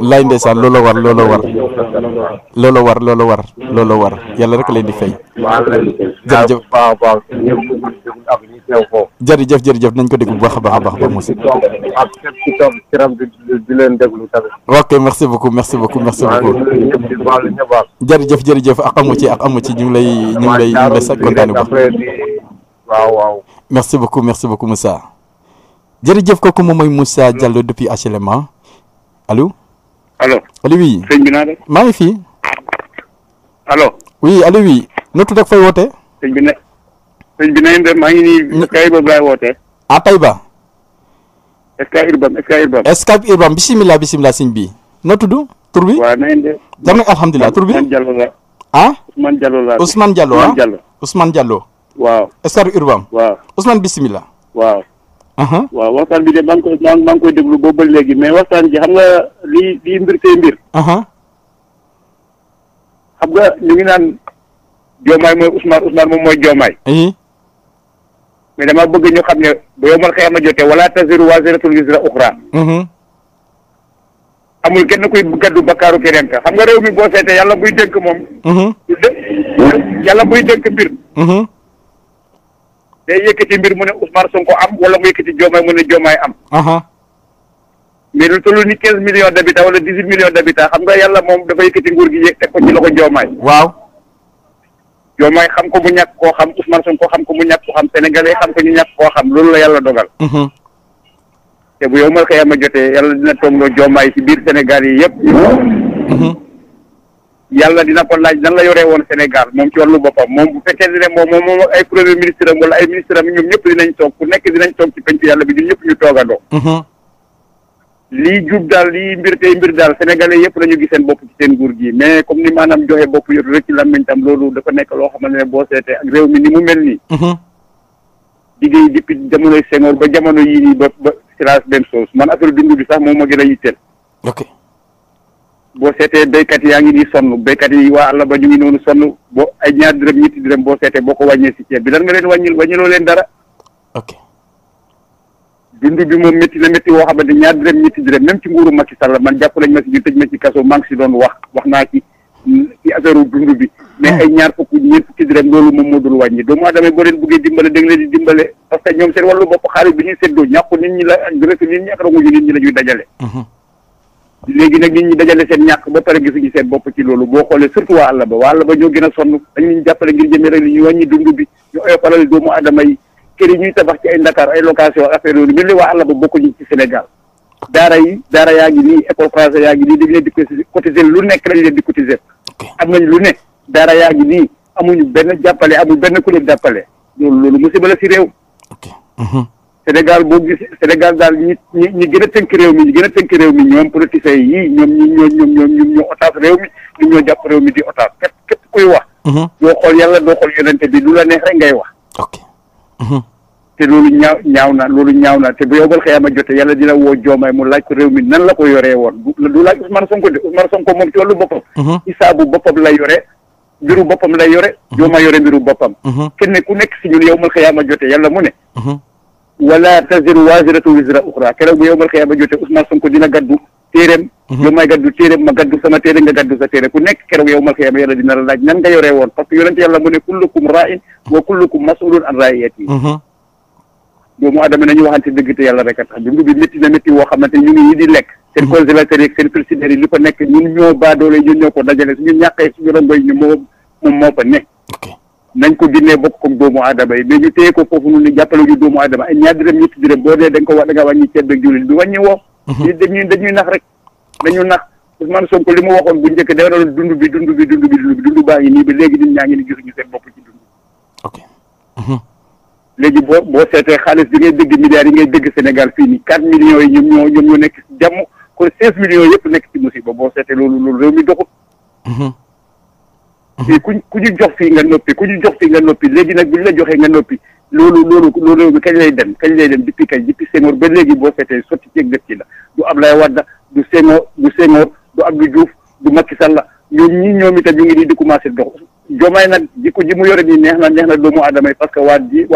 laay ndeysaan loola war loola war loola war loola war loola war yàlla rek leen di fay jërëjëf jërëjëf jërëjëf nañ ko dégg bu baax a baax baax ba mos ok merci beaucoup merci beaucoup merci beaucoup ak amu ci ak amu ci lay kontaane sax kontaane bu waaw waaw. merci beaucoup merci beaucoup Moussa. jërëjëf kooku moom mooy Moussa depuis HLM ah. allo. allo allo oui. bi naa def. maa ngi fii. allo. oui allo oui. noo tudd ak fay wootee. bi ne. sëñ maa ngi nii Taïba laay wootee. ah Taïba. Scat Urbam Scat Urbam. Scat Urbam bisimilah bi. noo tudd tur bi. waaw na ngeen def. jar na ah Ousmane Diallo laa Ousmane Diallo ah Ousmane Diallo waaw Star Urbam waaw Ousmane bisimilah waaw uh-huh. waaw waxtaan bi de maa ngi koy maa ngi koy déglu boobu léegi mais waxtaan ji xam nga li lii mbir tey mbir uh-huh. xam nga ñu ngi naan Diomaye mooy Ousmane Ousmane moom mooy Diomaye uh-huh. mais dama bëgg ñu xam ne ba yow man xëy na jote wala taziru waziratun wizra ukhra amul kenn kuy gaddu bakkaaru keneen ka xam nga réew mi boo seetee yàlla buy dénk moom. Mm-hmm. du dé yàlla buy dénk mbir. Mm-hmm. day yëkkati mbir mu ne Ousmane Sonko am wala mu yëkkati Diomaye mu ne Diomaye am. Uh-huh. mais lu toll ni quinze millions d'habitants wala dix huit millions d'habitants xam nga yàlla moom dafa yëkkati nguur gi yëg teg ko ci loxo Diomaye. waaw. Diomaye xam ko mu ñàkk koo xam Ousmane Sonko xam ko mu ñàkk koo xam sénégalais xam ko ñu ñàkk koo xam loolu la yàlla dogal. Mm-hmm. te bu yow mal xëy ma jotee yàlla dina tongloo joomaay ci biir Sénégal yi yëpp. Mhm. yàlla dina ko laaj nan la yoree woon Sénégal moom ci wàllu boppam moom bu fekkee ne moom moom ay premier ministre am wala ay ministre am ñoom ñëpp dinañ toog ku nekk dinañ toog ci penc yàlla bi ñun ñëpp ñu toogandoo. Mhm. lii jub daal lii mbir tey mbir daal sénégalais yëpp la ñu gis seen bopp ci seen nguur gi mais comme ni maanaam joxe bopp yotu rek tam loolu dafa nekk boo seetee ak réew mi ni mu mel assurance benn soos man affaire dund bi sax moom ma gën a yitteel. ok boo seetee béykat yaa ngi nii sonn béykat yi waa àll ba ñu ngi noonu sonn boo ay ñaar dërëm ñetti dërëm boo seetee boo ko wàññee si ceeb bi lan nga leen wàññil wàññiloo leen dara. ok dund bi moom métti na métti woo xamante ñaar dërëm ñetti dërëm même ci nguuru Macky Sall man jàpp lañ ma si ñu tëj ma ci kaso maa ngi si doon wax wax naa ci. ci affaire dund bi. mais ay ñaar fukk ñeent fukki dërëm loolu moom moo dul wàññi doomu aadama boo leen bëggee dimbale da nga leen di dimbale parce ñoom seen wàllu bopp xaalis bi ñuy séddoo ñàkku nit ñi la dajale. Mhm. léegi nag nit ñi dajale seen ñàkk ba pare gisuñu seen bopp ci loolu boo xoolee surtout waa àll ba waa àll ba ñoo gën a sonn dañ leen jàppale ngir jëmee rek ñuy wàññi dund bi ñu oyofalal doomu aadama yi kër yi ñuy tabax ci ay Ndakaar ay location daara yi daara yaa ngi nii école français yaa ngi nii dañ leen di cotiser lu nekk lañ leen di cotiser am nañ lu ne daara yaa ngi nii amuñu benn jàppale amul benn ku leen jàppale loolu loolu musiba la si réew mhm. Sénégal boo gis Sénégal daal ñi ñi ñi gën a tënk réew mi ñi gën a tënk réew mi ñoom politiciens yi ñoom ñi ñoo ñoom ñoom ñoom ñoo otaas réew mi ñoom ñoo jàpp réew mi di otaas képp képp kuy wax mhm. doo xool yàlla doo xool yonente bi lu la neex rek ngay wax mhm. te loolu ñaaw ñaaw na loolu ñaaw na te bu yow bal a jotee yàlla dina woo joomaay mu laaj ko réew mi nan la ko yoree woon du laaj Ousmane Sonko de Ousmane Sonko moom ci wàllu boppam mhm. isaabu boppam la yore mbiru boppam la yore mhm. jooma yore mbiru boppam mhm. kenn ku nekk si ñun yow a xëyaama jotee yàlla mu ne wala taziru waaziratu wizra uxra keroog bu yow a xëyaama jotee Ousmane Sonko dina gaddu téeréem yow gaddu téeréem ma gaddu sama téere nga gaddu sa téere ku nekk keroog yow mal doomu adama nañu waxante dëgg te yàlla rek a tax dund bi métti na métti woo xamante ñu ngi yi di lekk seen mhm. congélateur yi seen frigidaire yi li fa nekk ñun ñoo baadoole ñun ñu moo moom moo fa nekk nañ ko génnee bokk ko doomu aadama yi mais ñu téye ko foofu noonu jàppale ñu doomu aadama ay ñaar dërëm ñetti dërëm boo dee da nga ko wax da nga wàññi ceeb beeg diwlin bi wàññi woo mhm. ñu bu njëkk da doon dund bi dund bi dund bi dund bi dund baa ngi nii ba léegi nit ñaa ngi ni gisuñu seen bopp ci dund léegi boo boo seetee xaalis bi ngay dégg milliards yi ngay dégg Sénégal fii nii 4 millions yi ñoom ñoo ñoom ñoo nekk ci jàmm kon 16 millions yëpp nekk ci musiba boo seetee loolu loolu réew mi doxul. fii mhm. mhm. ku ku ñu jox fii nga noppi ku ñu jox fii nga noppi léegi nag bu ñu la joxee nga noppi loolu loolu loolu réew kañ lay dem kañ lay dem depuis kañ depuis Senghor ba léegi boo seetee sotti ceeg def ci la du Ablaye Wade du Senghor du Senghor du Abdou Diouf du Macky Sall ñoom ñii ñoom itam ñu ngi nii di commencé dox jomaay nag jikko ji mu yore nii neex na neex na doomu aadama yi parce que waa ji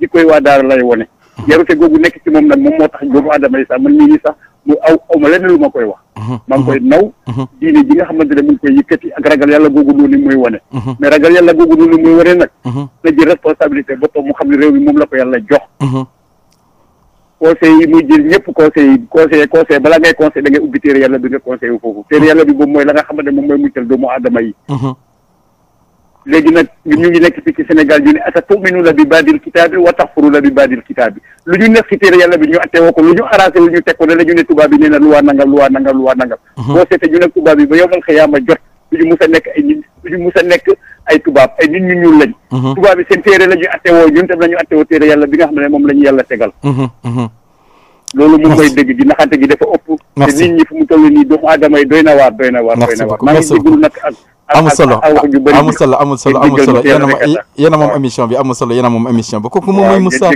jikko waa daara wone yarute googu nekk ci moom nag moom moo tax doomu aadama yi sax man mii nii sax mu aw aw ma lenn lu ma koy wax. maa koy naw. diine ji nga xamante ne mu koy yëkkati ak ragal yàlla googu noonu muy wane. mais ragal yàlla googu noonu muy wane nag. na ji responsabilité boppam mu xam ne réew mi moom la ko yàlla jox. conseil yi muy jël ñëpp conseil conseil bala ngay conseil da ubbi téere yàlla bi nga conseil wu foofu téere yàlla bi boobu mooy la nga xamante moom mooy muccal doomu aadama yi mhm. léegi nag ñu ngi nekk fii ci Sénégal ñu ne asa tuminuna bi baadil kitaabi bi lu ñu nekk téere yàlla bi ñu attewoo ko lu ñu arrangé wu ñu teg ko la ñu ne tubaab bi nee na luwaa nangam luwaa nangam luwaa nangam mhm. boo seetee ñu nekk tubaab bi ba yomal xiyaama jot duñu mës a fi mus a nekk ay tubaab ay nit ñu ñuul lañ mhm. tubaab yi seen téere la ñuy attewoo ñun tam la ñuy attewoo téere yàlla bi nga xam ne moom la yàlla tegal mhm, mhm. loolu moom mooy dëgg gi naxante gi dafa ëpp te nit ñi fu mu toll nii doomu aadama yi doy na waar doy na waar doy na waar maa ngi jégalu nag ak amul solo amul solo amul a moom émission bi amul solo yéen moom émission bi kooku moom mooy Moussa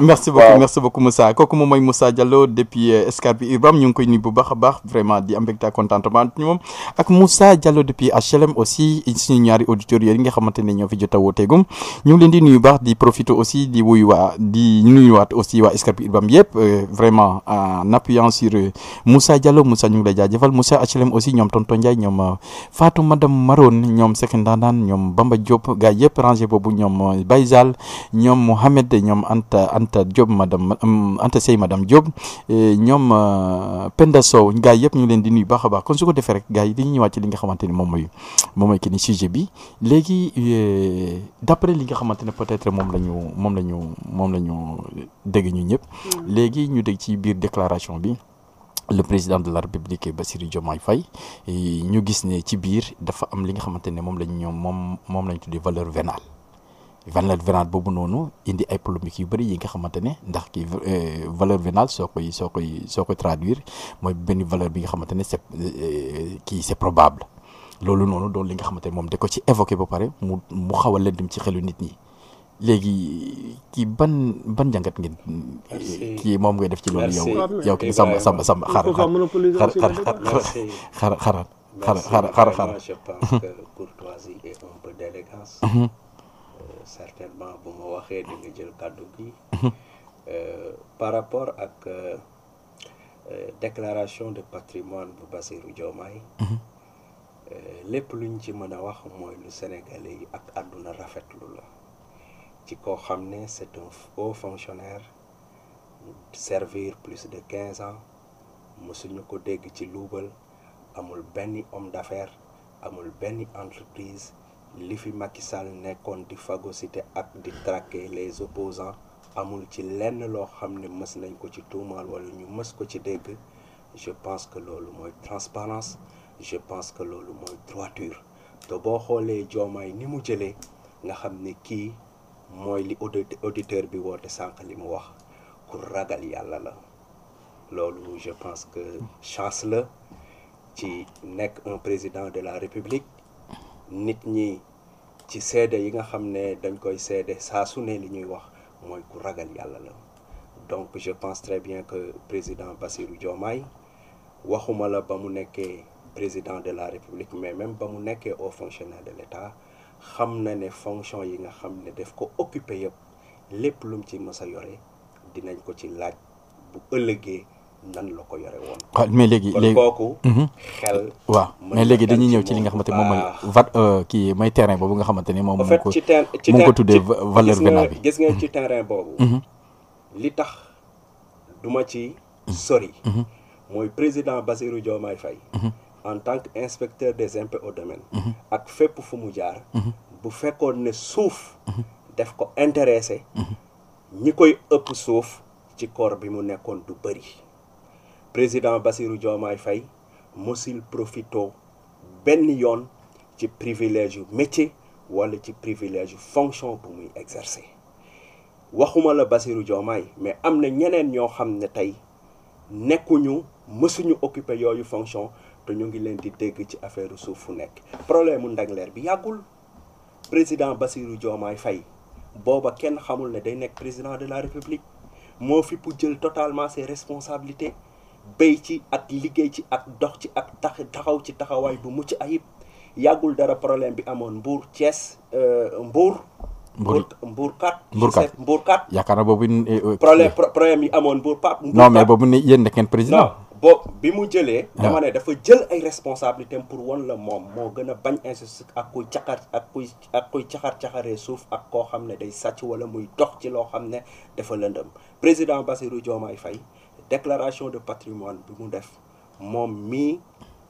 merci beaucoup merci beaucoup Moussa kooku moom mooy Moussa Diallo depuis euh, Escape Urbam ñu ngi koy a baax vraiment di am mbégte contentement moom ak Moussa Diallo depuis HLM aussi suñu ñaari auditeurs yi nga xamante ne ñoo fi jot a wooteegum leen di nuyu baax di profiter aussi di wuyu waa di nuyuwaat aussi waa Escape Urbam yëpp euh, vraiment en appuyant sur euh, Moussa Diallo Moussa ñu ngi lay jaajëfal Moussa HLM aussi ñoom tonton Ndiaye ñoom Fatou Madame Maroon ñoom Seck Ndanaan ñoom Bamba Diop gars yëpp rangé boobu ñoom Bayzal ñoom Mohamed ñoom Anta Anta Diop madame Anta Sey madame Diop ñoom euh, Penda Sow gars yëpp ñu leen di nuy baax a baax kon su ko defee rek gars yi dañuy ñëwaat ci li nga xamante ni moom mooy moom ni sujet bi léegi euh, d'après li nga xamante ne peut-être moom la ñu moom la ñu moom la ñu dégg ñëpp hmm. léegi ñu dégg ci biir déclaration bi. le président de la république Bassirou Diomaye Faye ñu gis né ci biir dafa am li nga xamante mom lañ ñom mom moom lañ tuddee valeur vénale valeur vénale bobu nonu indi ay polémique yu bari yi nga xamante ndax ki euh, valeur vénale soo koy soo koy soo traduire moy benn valeur bi nga xamante ne c'est euh, kii c'est probable lolu nonu do li nga xamante mom moom ko ci évoquer ba paré mu mu xaw a ci xelu nit ñi. léegi ki ban ban jàngat ngeen. ki mom ngi def ci lolu yow yow sama samba samba samba xaaral xaaral xaaral xaaral xaaral xaaral xaaral. je pense mhm. que courtoisie et un peu d'élégance. Mhm. Euh, certainement bu ma waxee di nga jël kàddu gi. par rapport ak euh, déclaration de patrimoine bu Bassirou Diomaye. Mhm. Euh, lépp luñ ci mën wax mooy lu Sénégalais ak àdduna rafetlu la. ci koo c'est un haut fonctionnaire servir plus de quinze ans Monsieur ko dégg ci loubal amul benn homme d'affaires amul benn entreprise li fi Macky Sall nekkoon di fagocité ak di traquer les opposants amul ci lenn lo xamné ne nañ ko ci tuumaal wala ñu mës ko ci dégg je pense que lolu moy transparence je pense que lolu moy droiture te bo xolé jomay ni mu jëlee nga xamné ki moy li auditeur bi wote sank li mu wax ku ragal yalla la loolu je pense que chance la ci nek un président de la république nit ñi ci sédé yi nga xamné dañ koy sédé sa su ne li ñuy wax moy ku ragal yalla la donc je pense très bien que président Bassirou Diomaye waxuma la ba mu nekké président de la république mais même ba mu nekké haut fonctionnaire de l'État xam na ne fonction yi nga xam ne def ko occupé yëpp lépp lum ci mës a yore dinañ ko ci laaj bu ëllëgee nan la ko yore woon. waaw ah, mais léegi léegi kooku. Mhm. xel waaw mais léegi dañuy ñëw ci li nga xamante moom mooy ah. va euh, kii may terrain boobu nga xamante ni moom. mu ko ci ci mu ko tuddee valeur vénale bi gis nga mhm. ci terrain boobu. Mhm. li tax duma ci sori. mooy président Bassirou Diomaye Faye. en tant qu'inspecteur des impôts au domaine. Mhm. ak fépp fu mu vous mhm. bu qu'on ne suuf. Mhm. def ko intéressé. ñi koy ëpp souffre ci corps bi mu nekkoon du président Bassirou Diomaye Faye mosul profito ben yon ci privilège métier wala ci privilège fonction bu muy exercer waxuma la Bassirou Diomaye mais amna ñeneen ñoo xam ne tey nekkuñu mësuñu occuper yooyu fonction. te ñu ngi leen di dégg ci affaire suuf fu nekk problème mu ndangleer bi yàggul président Bassirou Diomaye fay booba kenn xamul ne day nekk président de la république moo fi pour jël totalement ses responsabilités béy ci ak liggéey ci ak dox ci ak tax taxaw ci taxawaay bu mucc ayib yàggul dara problème bi amoon mbuur Thiès mbuur mbuur kat. mbuur kat Mbour kat. yaakaar naa boobu. Euh, euh, problème problème yi amoon mbuur pap non mais boobu ne yéen da président. boobu bi mu jëlee. Ah. dama ne dafa jël ay responsabilités pour wan la moom moo gën a bañ injustice ak kuy caxar ak kuy ak kuy caxar caxaree suuf ak koo xam ne day sàcc wala muy dox ci loo xam ne dafa lëndëm président Bassirou ay Faye déclaration de patrimoine bi mu def moom mii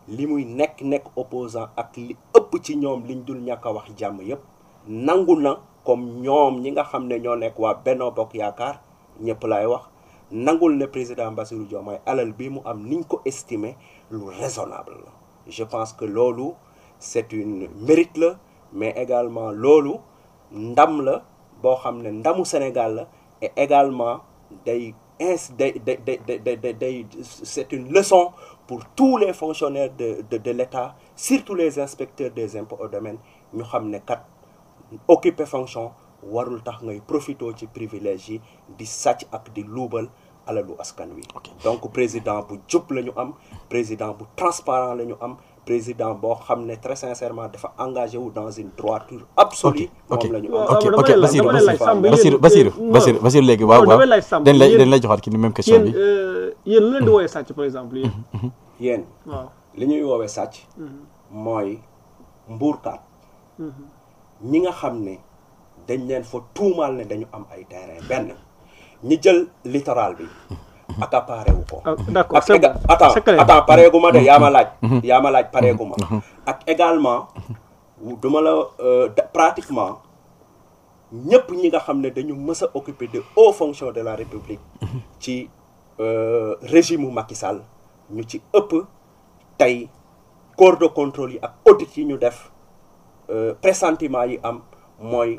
li muy nekk nekk opposant ak li ëpp ci ñoom liñ dul ñàkk a wax jàmm yépp nangu na comme ñoom ñi nga xam ne ñoo nekk waa Benno Bokk Yaakaar ñëpp laay wax. nangul le président Bassirou Diomaye alal bi mu am niñ ko estimé lu raisonnable je pense que lolu c'est une mérite le, mais également lolu ndam la bo xamné ndamu Sénégal la et également day c'est une leçon pour tous les fonctionnaires de de de l'État surtout les inspecteurs des impôts au domaine. ñu xam ne kat occuper fonction warul tax ngay profitoo ci privilège yi di sàcc ak di luubal alalu askan wi. donc président bu jub lañu am président bu transparent lañu am président boo xam ne très sincèrement dafa engagé wu dans une droiture absolue. moom la am ok ok Basirou Basirou Basirou Basirou léegi waaw waaw dañ lay dañ lay joxaat ki même question bi. yéen lu leen di woowee sàcc par exemple yéen. Mhm, mhm. yéen li ñuy woowee sàcc. Mhm. mooy mbuurkaat. ñi nga xam ne dañ leen fa tuumaal ne dañu am ay terrain benn ñi jël littoral bi accaparé wu ko. Ah, d'accord c'est bon attends attends pareegu ma de yaa ma mm-hmm. laaj. Mm-hmm. yaa ma laaj mm-hmm. pareegu ak également duma la euh, pratiquement ñëpp ñi nga xam ne dañu mës a occuper de haute fonction de la république. ci euh, régime mu ñu ci ëpp tey corps de contrôle yi ak audit yi ñu def euh, pressentiment yi am mooy.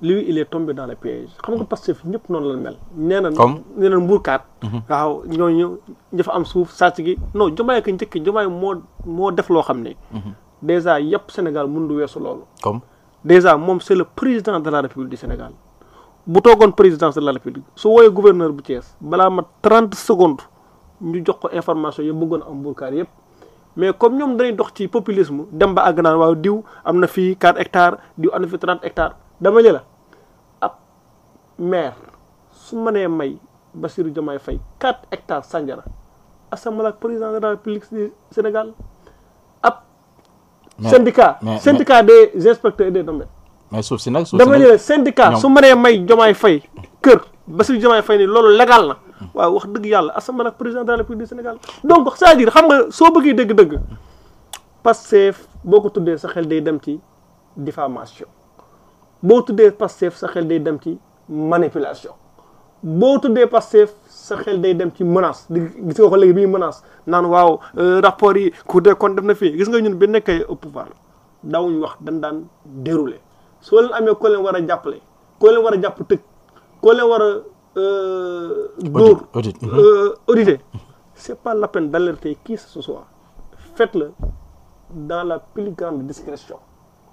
lui il est tombé dans le piège xam nga fi ñëpp noonu la mel. nee nañ nee nañ mbuurkaat. Mhm. waaw ñooñu dafa am suuf sàcc gi non jomaay ka njëkk jomaay moo moo def loo xam ne. Mhm. dèjà yëpp Sénégal mun du weesu loolu. comme dèjà moom c' est le président de la république du Sénégal bu toogoon président de la république su wooyee gouverneur bu Thiès balaa mat trente secondes ñu jox ko information yi bëggoon am mbuurkaat yëpp. mais comme ñoom dañuy dox ci populisme dem ba àgg naan waaw diw am na fii 4 hectares diw am na fi 30 hectares. dama ne la ab maire su mënee may Bassirou Diomaye fay 4 hectare sanjara assemblée ak président de la République du Sénégal ab syndicat syndicat des inspecteurs des domaines mais sauf si nak sauf dama ne syndicat su mënee may Diomaye fay kër Bassirou Diomaye fay ni loolu légal na hmm. waaw wax dëgg yàlla assemblée ak président de la République du Sénégal donc c'est-à-dire xam nga soo bëggee dëgg-dëgg Pastef boo ko tuddee sa xel day dem ci diffamation Si vous Pastef sa xel day manipulation Si passif, sa xel day dem ci menace des nga ko de menace euh, rapport des comptes pouvoir Vous wax dañ dérouler leen des leen qui leen c'est pas la peine d'alerter qui ce soit faites-le dans la plus grande discrétion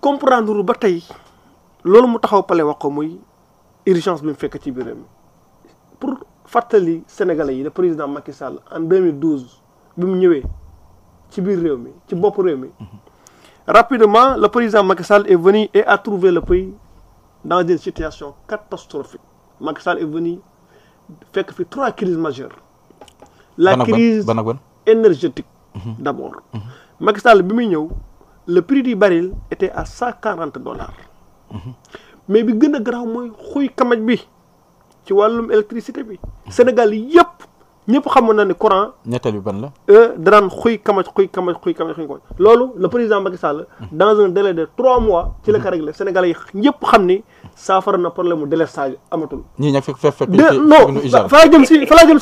comprendre ba bataille lolou mu taxaw pale waxo moy urgence bi mu fekk ci biir pour le sénégalais yi le président Macky Sall en 2012 bi mu ñëwee ci bir réew mi ci bop réew mi. Mhm. rapidement le président Macky Sall est venu et a trouvé le pays dans une situation catastrophique Macky Sall est venu fekk fi trois crises majeures. la crise énergétique. Mhm. d'abord. Mhm. Macky Sall bi ñëw le prix du baril était à 140$ dollars. mais bi plus a a xuy kamaj bi ci électricité bi. Sénégal yëpp le a courant. bi ban la. Euh, kamaj kamaj kamaj kamaj le président Macky dans un délai de trois mois. ci le carré. Le Sénégal yep, xam ni problème de délestage de si fa mhm.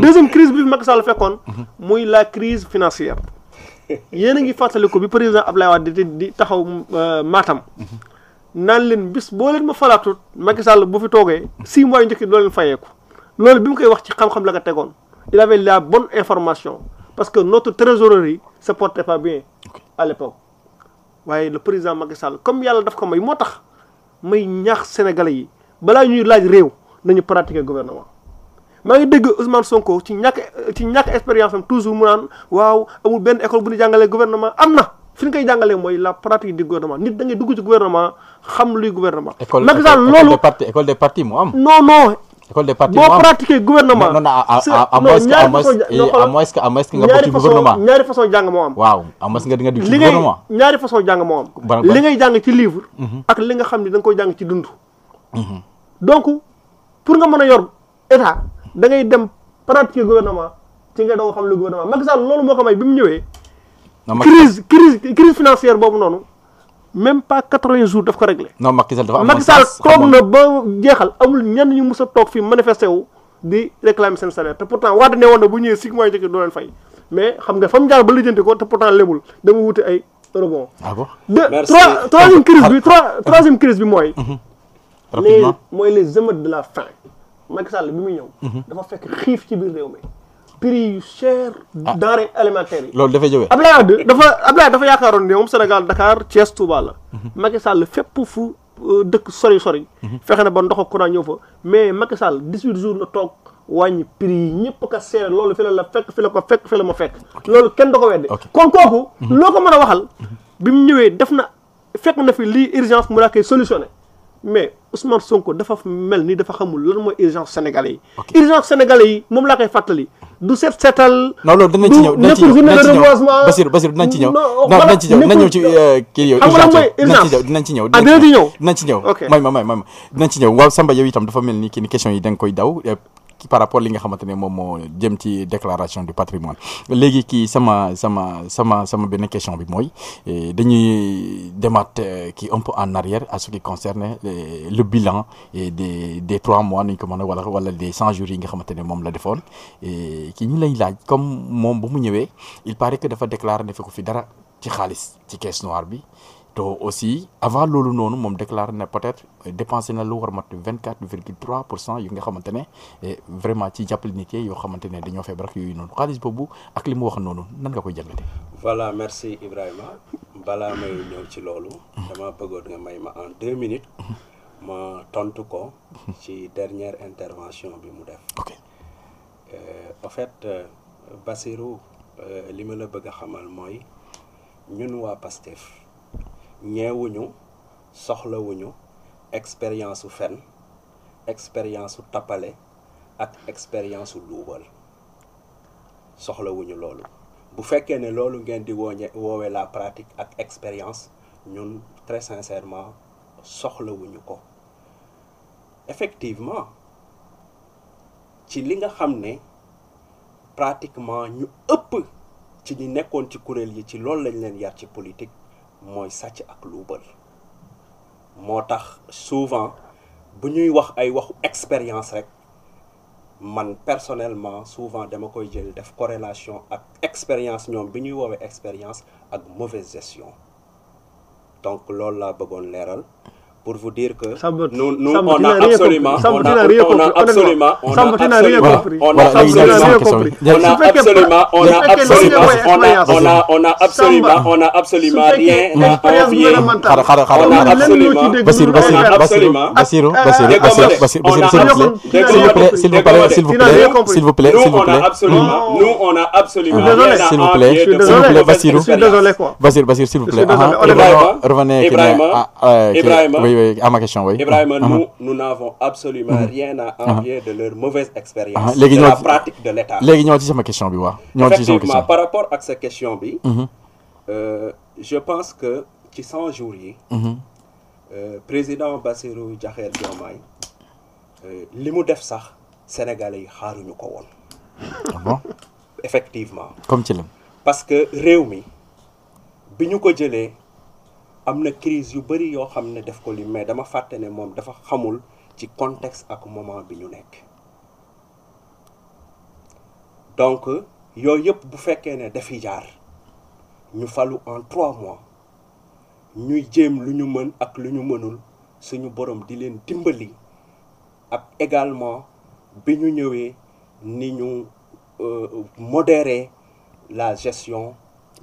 deuxième crise bi Macky Sall mhm. la crise financière. yéen a ngi fàttaliku bi président Ablaye Wade di di taxaw euh, maatam naan leen bis boo leen ma falaatu Macky Sall bu fi toogee six mois njëkk yi doo fayeeku loolu bi mu koy wax ci xam-xam la ko tegoon il avait la bon information parce que notre trésorerie se portait pas bien à l'époque waaye le président Macky Sall comme yàlla daf ko may moo tax may ñaax sénégal yi balaa ñuy laaj réew nañu pratiquer gouvernement maa ngi dégg Ousmane Sonko ci ñàkk ci ñàkk expérience am toujours mu naan waaw amul benn école bu ñu jàngalee gouvernement am na fi ñu koy jàngalee mooy la pratique du gouvernement nit da ngay dugg ci gouvernement xam luy gouvernement. Macky Sall loolu école des partis école des partis moo am. non non. école des partis moo am boo pratiquer gouvernement. non non à moins que à moins à moins que à moins que nga bokk ci gouvernement. ñaari façon jàng moo am. waaw à moins nga di nga dugg ci gouvernement. ñaari façon jàng moo am. li ngay jàng ci livre. Mhm. ak li nga xam ne da nga koy jàng ci dund. Mhm. donc pour nga mën a yor état dangay ngay dem pratiquer gouvernement ci nga doon xam lu gouvernement Macky loolu moo ko may bi mu ñëwee. crise crise crise financière boobu noonu même pas quatre-vingts jours daf ko réglé. non toog na ba jeexal amul ñenn ñu mus a toog fi manifesté wu di réclamer seen te pourtant Wade ne woon bu ñëwee six mois jëkk doo leen fay mais xam nga fa jaar ba lijjanti ko te pourtant lebul dama wuti ay rebond. Ah crise bi ah. troisième crise bi mooy. Mhm. les mooy les émeutes de la faim. Macky Sall bi muy ñëw. Mhm. dafa fekk xiif ci biir réew mi. prix yu cher. Ah. denrées alimentaires loolu dafay jógee. Abdoulaye Wade dafa Abdoulaye dafa yaakaaroon ne moom Sénégal Dakar Thiès Touba la. Mhm. Macky Sall fépp fu euh, dëkk sori sori. Mhm. fexe na ba ndox ak courant ñëw fa mais Macky Sall 18 jours la toog. wàññi prix yi ñëpp ka seere loolu fi la la fekk fi la ko fekk fi la ma fekk. loolu kenn da ko wedde. kon kooku. loo ko mën a waxal. bi mu ñëwee def na fekk na fi lii urgence mu daa koy solutionné mais. Ousmane Sonko dafa mel ni dafa xamul lan mooy urgence sénégalais yi. urgence sénégalais yi moom laa koy fàttali. du set setal. non loolu dinañ ci ñëw dinañ ci ñëw dinañ ci ñëw Basir ah, Basir dinañ ci ñëw. non dinañ ci ñëw dinañ ñëw yow. urgence ci ñëw dinañ ci ci ñëw may ma may ma dinañ ci ñëw Samba yow itam dafa mel ni kii question yi da nga koy daw par rapport li nga xamante ne moom moo jëm ci déclaration du patrimoine léegi kii sama sama sama sama benn question bi mooy eh, dañuy demaat eh, kii un peu en arrière à ce qui concerne eh, le bilan des des trois mois nuñ ko mën a wala wala des cent jours yi nga xamante ne moom la defoon ki ñu lay laaj comme moom bu mu ñëwee il paraît que dafa déclaré ne fekku fi dara ci xaalis ci caisse noire bi te aussi avant lolu noonu mom déclaré na peut-être euh, dépenser na lu war mat 24,3% quatre virgule yu nga xamante ne vraiment ci jàppale nit yi yoo xamante ne dañoo feebar ak yooyu noonu xaalis ak limu wax noonu nan nga koy jangalé voilà merci Ibrahima bala may ñew ci lolu dama bëggoon nga may ma en 2 minutes. ma tontu ko. ci dernière intervention bi mu def. ok euh, en fait euh, Basirou euh, li ma la bëgg xamal moy ñun wa Pastef ñeewuñu soxlawuñu expérience su expérience su ak expérience su luubal soxlawuñu loolu bu fekkee ne loolu ngeen di wooñe woowee la pratique ak expérience ñun très sincèrement soxlawuñu ko effectivement ci li nga xam ne pratiquement ñu ëpp ci ñi nekkoon ci kuréel yi ci loolu lañ leen yar ci politique moy satch ak luubal motax souvent bu ñuy wax ay waxu expérience rek man personnellement souvent dama koy jël def corrélation ak expérience ñom bi ñuy expérience ak mauvaise gestion donc lool la bëggoon leeral pour vous dire que nous, on, a absolument, on, a, absolument, on a absolument, on a absolument, on a absolument, on a absolument, on a, on a rien s'il vous plaît, s'il vous nous on a absolument, absolument rien S'il s'il vous plaît, à ma question, oui. Ah, ah. nous, nous n'avons absolument mm-hmm. rien à envier ah. de leur mauvaise expérience, de la pratique de l'État. Les ci question bi effectivement par rapport à cette question mm-hmm. euh, je pense que ci 100 jours mm-hmm. euh, président Bassirou Diakhar Diomaye euh, li sénégalais yi xaaruñu ko effectivement. comme ci parce que Réumi mi bi am crise yu bëri def ko li mais dama ne dafa xamul ci contexte ak moment bi donc yooyu yëpp bu ne dafi jaar ñu falu en trois mois ñuy jéem lu ñu mën ak lu ñu mënul suñu borom di leen également bi euh, modérer la gestion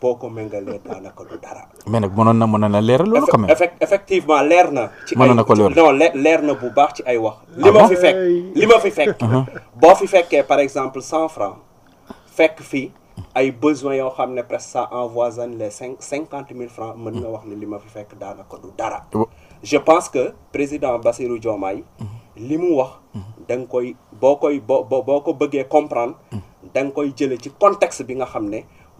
boo ko méngalee daanaka du dara. mais nak mënoon na mënoon na leer loolu quand même. effectivement leer na. ci ay non leer na bu baax ci ay wax. Ah li ma fi fek li ma fi fek bo fi fekke par exemple 100 francs fek fi ay besoin yo xamne ne presque ça avoisine les cinq cinquante francs mën nga wax ne li ma fi fekk daanaka du dara. je pense que président Bassirou Diomaye uh-huh. limu wax uh-huh. dang koy boo boko boo boo comprendre uh-huh. dang koy jëlee ci contexte bi nga xam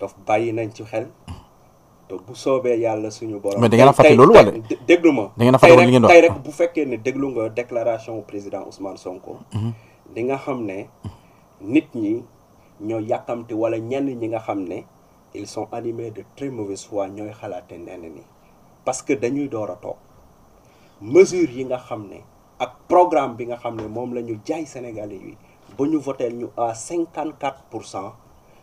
daf bàyyi nañ ci xel te bu soobee yàlla suñu borom. mais da ngeen a fàtte loolu wala déglu ma. da ngeen a fàtte li ngeen doon tey rek bu fekkee ne déglu nga déclaration président Ousmane Sonko. Mhm. di nga xam ne nit ñi ñoo yàkkamti wala ñenn ñi nga xam ne ils sont animés de très mauvaise foi ñooy xalaate nenn ni parce que dañuy door a toog mesure yi nga xam ne ak programme bi nga xam ne moom la ñu jaay Sénégalais yi ba ñu voté ñu à 54 pour cent.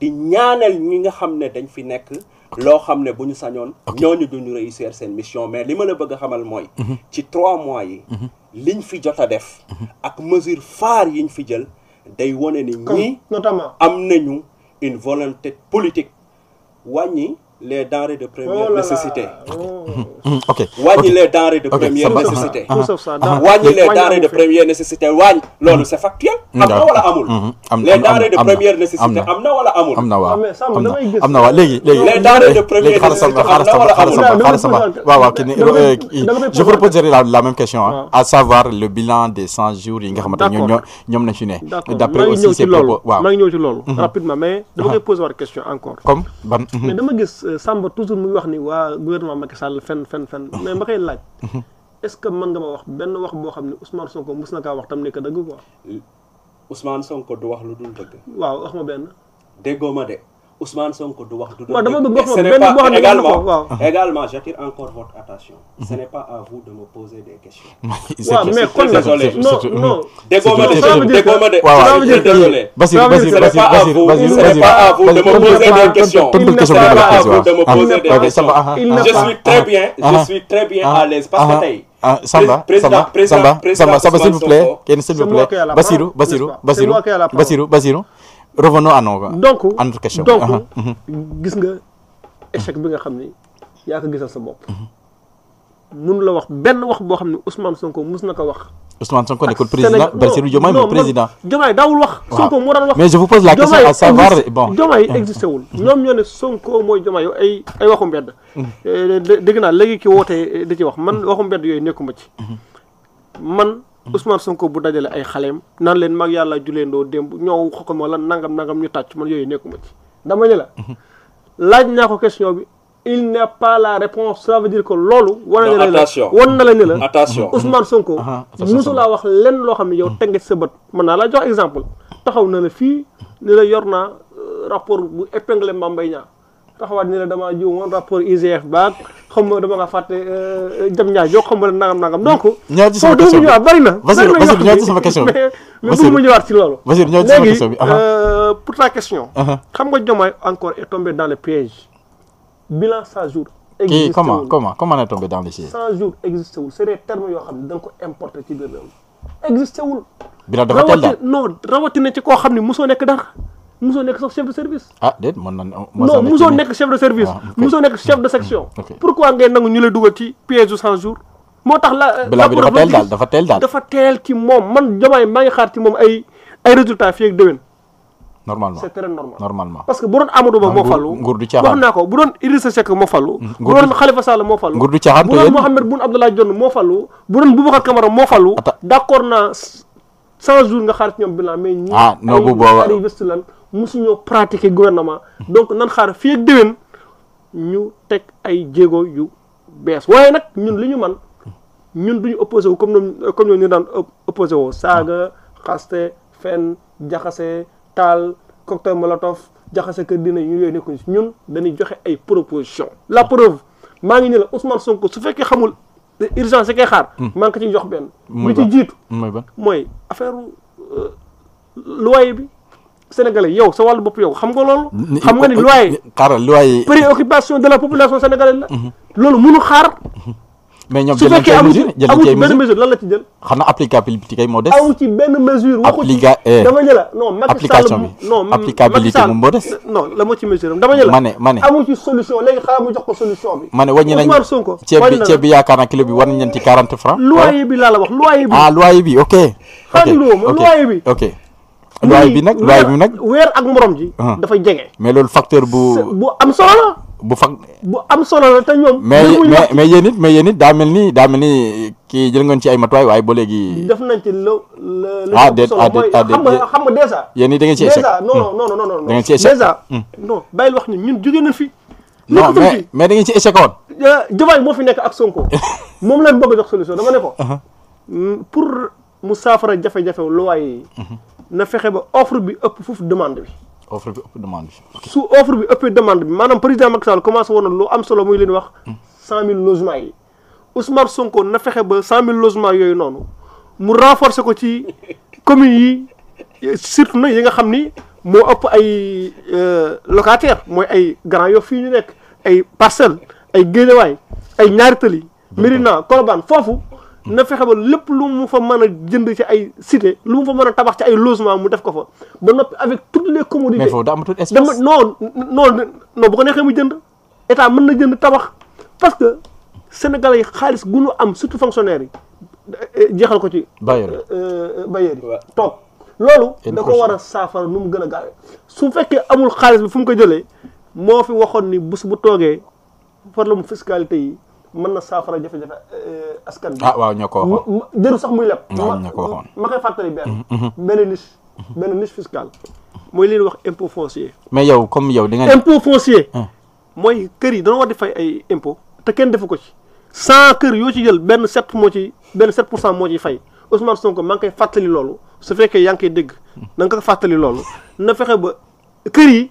di ñaanal ñi nga xam ne dañ fi nekk loo xam ne bu ñu réussir mission mais li ma la bëgg xamal mhm. trois mois yi mhm. fi def mhm. ak mesure phare yiñ fi ni une volonté politique les denrées de première oh nécessité. Oh. wàññi les denrées de première nécessité. wàññi les denrées de première nécessité wàññ. loolu c'est factuel. Amna wala amul. Mhm. les denrées de première nécessité Amna wala amul. Amna na ah, Amna am na waaw léegi léegi. les denrées de première nécessité am na wala amul xaaral sama je vous reposerai la la même question hein. ah. à savoir le bilan des 100 jours yi nga xamante ne ñoom ñoom la ñu d'après aussi c'est propos Wa. maa ngi ci loolu. Mhm. rapidement mais dama koy ah. poser war question encore. comme ban. mais mhm. dama gis. Euh, Samba toujours muy wax ni waa gouvernement Macky Sall fen fen fen mais ma koy laaj. Mhm. est-ce que mën nga ma wax benn wax boo xam ne Ousmane Sonko mos na ka wax tam nekk dëgg quoi. Ousmane Sonko du wax lu dul dëgg. waaw wax ma benn. déggoo ma de. Ousmane Sonko du wax du également j'attire encore votre attention mhm. ce n'est pas à vous de me poser des questions mais quoi désolé non non déggoo ma de déggoo ma de Ce n'est Basir Basir Basir ce n'est pas à vous de me poser des questions ne n'est pas à vous de me poser des questions je ah, suis très bien je suis très bien à l'aise parce que ah, ah Samba Samba Samba Samba s'il vous plaît s'il vous plaît Basirou Basirou Basirou Basirou Basirou revenons à nos donc mhm. gis nga échec bi nga xam ni yaa ko gisal sa bopp. mënu la wax benn wax boo xam ne Ousmane Sonko mus na ko wax. Ousmane Sonko nekkul président Bassirou Diomaye mooy président. Diomaye daawul wax. Sonko moo daan wax mais je vous pose la question à savoir bon Diomaye mhm. existé wul. Mhm. ñoom ñoo ne Sonko mooy Diomaye yow ay waxu mbedd. Eh, dégg naa léegi ki wootee da ci wax man waxu mbedd yooyu nekkuma ci man. Ousmane Sonko bu dajale ay xaleem nan leen mag yàlla juleendoo démb ñoow xoxam wala nangam nangam ñu tàcc man yooyu nekkuma ci dama ne la laaj naa ko question bi il n'a pas la réponse ça veut dire ko loolu war na la wan na la ne la attention Ousmane Sonko musulaa wax lenn loo xam ne yow teg nga ci sa bët mën naa laa jox exemple taxaw na la fii ni la yor naa euh, rapport bu épinglé Mame Mbaye Niang taxawaat ni la damaa jiw woon rapport IGF baag xam nga dama nga fàtte euh, jam ñaay joo xam nga nangam nangam donc. ñaar sama question bi ñëwaat bëri na. Basir Basir ñaar ci sama question loolu. Euh, nga Diomaye encore est tombé dans le piège. bilan 100 jours. existé wul da ko importé ci biir réew mi. bilan dafa teel daal rawatina non koo xam ni mosoo nekk dara. muso nek sax chef de service. ah déet man nan non muso nek chef de service. muso nek chef de section. pourquoi ngay nangu ñu lay dugal ci piège du 100 jours. motax tax la dafa tel dal dafa tel dal dafa tel ki mom man jomay ma ngi xaar ci mom ay ay résultats fi ak déwén. normalement c'est très normal normalement parce que bu doon Amadou Ba mo fallu ngour du caaxaan waxnako bu doon Idrissa Seck mo fallu hmm, bu doon Khalifa Sall mo fallu ngour du caaxaan bu doon mohammed bun Abdallah Dionne mo fallu bu doon Boubacar Camara mo fallu d'accord na 100 jours nga xaar ci ñom bilan mais ñi ah no bu bo mosuñoo pratiquer gouvernement donc nan xaar fii ak déwén ñu tek ay djégo yu bees waye nak ñun liñu man ñun duñu opposé wu comme comme ñu daan opposé woo saga xaste fen jaxase tal cocktail molotov jaxase kër dina ñu yoy nekkuñu ñun dañuy joxe ay proposition la preuve ma ngi ni la Ousmane Sonko su fekkee xamul urgence yi koy xaar hmm. maa ngi ci jox ben li ci jiitu moy affaire euh, loi bi sénégalais yow sa wàllu bopp yow xam nga loolu. xam nga ni loyer. xaaral loyer. préoccupation de la population sénégalaise la. loolu mënu xaar. mais ñoom jël nañ cee mesure jël nañ jël. xanaa mu jox solution bi. ma ne wàññi nañ ceeb bi ceeb kilo bi war nañ leen ci francs. loyer bi laa la wax loyer ah, bi. ok. waay bi nag waay bi nag weer ak morom ji. Ah. dafay jege. mais loolu facteur bu. bu am solo la. bu fa bu am solo la te ñoom. mais mais mais yéen it yéen it daa mel ni daa mel ni kii jël ngeen ci ay matuwaay ay ba léegi. def nañ ci la la la. ah déet ah déet ah nga dèjà. yéen it da ngeen ci échec dèjà hmm. non non non non non. da ngeen ci échec dèjà. Hmm. mais mais da ngeen ci échec woon. moo fi nekk ak Sonko moom lañ bëgg a jox solution dama ne ko. Uh-huh. Hmm, pour mu saafara jafe-jafe lu waay. Uh-huh. na fexé ba offre bi ëpp foofu demande bi. offre bi ëpp demande bi. su offre bi ëpp demande bi manam président Macky Sall commencé woon lo am solo muy leen wax. 100000 logements yi Ousmane Sonko na fexé ba 100000 logements yooyu nonu mu renforcer ko ci commune yi surtout na yi nga xamni mo ëpp ay euh, locataires moy ay Grand Yoff fi ñu nek ay Parcelles ay Guédiawaye ay Niary Tally. Médina Colban fofu na fexe ba lépp lu mu fa mën a jënd ci ay cité lu mu fa mën a tabax ci ay logement mu def ko fa ba noppi avec tout les commodités. mais foofu daa amatul espace non non non bu ko neexee mu jënd état mën na jënd tabax parce que sénégalais yi xaalis gu am surtout fonctionnaires yi eh, eh, jeexal ko ci. bailleurs yi euh, euh, bailleurs yi toog. loolu da ko war a saafara nu mu gën a gaawee su fekkee amul xaalis fu mu ko jëlee moo fi waxoon ni bés bu toogee la problème fiscalité yi. mën na saafara jafe-jafe euh, askan bi. ah waaw ñoo ko waxoon jëru sax muy leb. waaw ma koy fàttali benn. Mm-hmm, mm-hmm. benn niche. benn niche fiscale. mooy leen wax impôt foncier. mais yow comme yow di nga. impôt foncier. Ah. mooy kër yi dana war di fay ay impôt te kenn defu ko ci. cent kër yoo ci jël benn sept moo ci benn sept pour cent moo ciy fay Ousmane Sonko ma ngi koy fàttali loolu su fekkee yaa ngi koy dégg na nga ko fàttali loolu na fexe ba kër yi.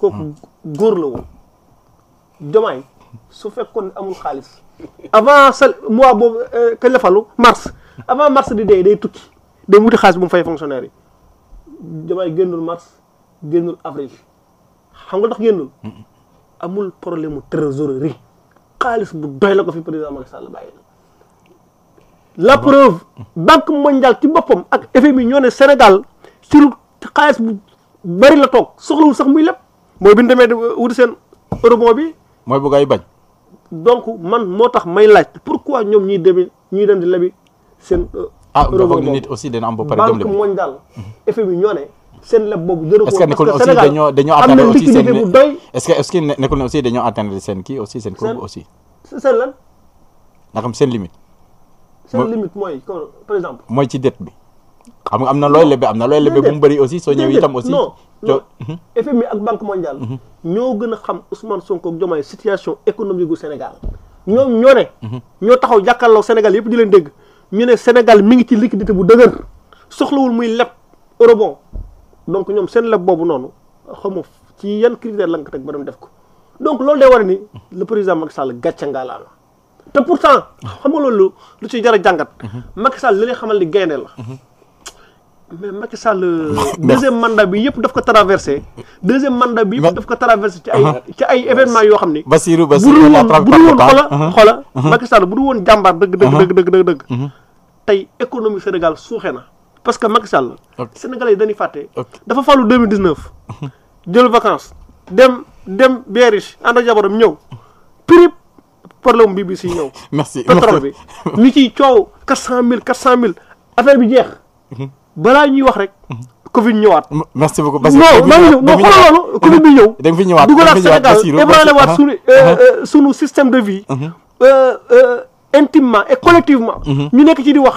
kooku góor la woon jomaay su fekkoon amul xaalis avant sal mois boobu euh, kañ la falu mars avant mars di dee day tukki day wuti xaalis bu mu fay fonctionnaire yi jomaay génnul mars génnul avril xam nga tax génnul amul problème mu trésorerie xaalis bu doy la ko fi président Macky Sall bàyyi la preuve banque mondiale ci boppam ak FMI ñoo ne Sénégal si xaalis bu bari la toog soxlawul sax muy lépp moy bi ñu demee sen seen bi. moy bu gay bañ. donc man motax may laaj pourquoi ñom ñi demee ñi dem di lebi seen. Euh, ah dafa nit aussi dana am ba pare. banque mondiale mhm. effet bi ñoo ne. seen leb boobu jëru ko parce que Sénégal dañu dañu liquidité aussi doy. est-ce que est-ce que nekul aussi dañu atteindre sen ki aussi sen courbe aussi seen lan. nakam sen limite. sen limite moy par exemple. moy ci dette bi. am na looy lebe am na looy lebe bu mu bëri aussi soo ñëwee itam aussi non non mhm. FMI ak banque mondiale mhm. ñoo gën a xam Ousmane Sonko ak Diomaye situation économique gu Sénégal ñoom ñoo ne mhm. ñoo taxaw jàkkaarloo Sénégal yëpp di leen dégg ñu ne Sénégal mi ngi ci liquidité bu dëgër soxlawul muy leb eurobond donc ñoom seen leb boobu noonu xamu ci yan critère la nga teg ba doon def ko donc loolu day war ni le président Macky Sall gàcce nga la te pourtant ah. xam nga loolu lu ci jar a jàngat Macky Sall li xamal ni gaynde la mais Macky Sall euh, deuxième mandat bi yëpp daf ko traversé deuxième mandat bi yëpp daf ko traversé ci ay ci ay événements yoo xam ni Bassirou Bassirou bu dul woon bu dul woon xoola xoola Macky Sall bu dul woon jàmbaar dëgg dëgg tey économie Sénégal suuxee na parce que Macky Sall Sénégalais dañuy fàtte dafa fàllu 2019 jël vacances dem dem Biarritz ànd ak jabaram ñëw prip problème bi bi si ñëw pétrole bi ñu ciy coow quatre cent mille quatre cent mille affaire bi jeex Merci ñuy wax rek. Mhm. Covid ñëwaat. merci beaucoup non non Covid ñëw. fi ñëwaat euh, euh, système de vie. Mhm. Euh, intimement et collectivement. Mhm. ñu nekk ci di wax.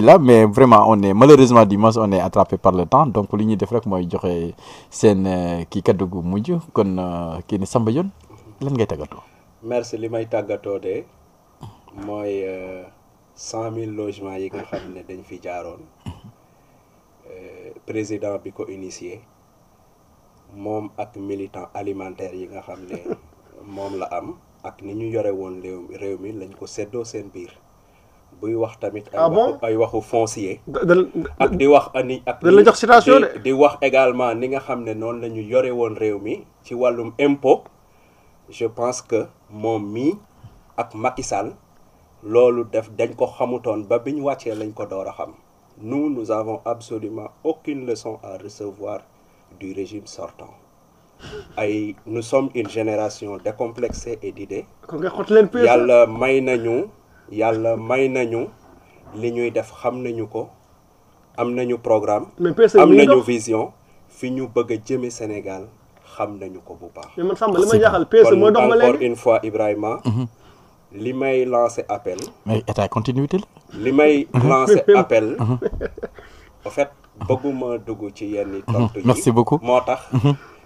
là mais vraiment on est malheureusement dimanche on est attrapé par le temps donc pour ñuy def rek j'aurais c'est seen euh, kii kaddu gu mujj kon euh, kii ni Samba Dione lan merci les may gâteau de moi 100 euh, mille logements yi nga xam président bico initié mom ak militant alimentaire yi nga xamné mom la am ak ni ñu lañ ko buy wax tamit. ah bon ay waxu foncier. ak di wax ani ak. da la jox citation di wax également ni nga xam non lañu yoré won yore réew mi ci walum impôt je pense que moom mii ak Macky Sall loolu def dañ ko xamutoon ba bi wacce lañ ko doora xam nous nous avons absolument aucune leçon à recevoir du régime sortant. ay nous sommes une génération décomplexée et d'idées. Hein? yalla may nañu yalla may nañu li ñuy def xam nañu ko am nañu programme. E am nañu vision fi ñu bëgg jëme Sénégal xam nañu ko bu baax. mais man Samba li ma jaaxal PSE mooy dox ma légui encore une fois Ibrahima. Mhm. li may lancer appel. mais état continuité li may mhm. lancer e appel. en mhm. fait bëgguma dugg ci yenn tontu yi. merci beaucoup moo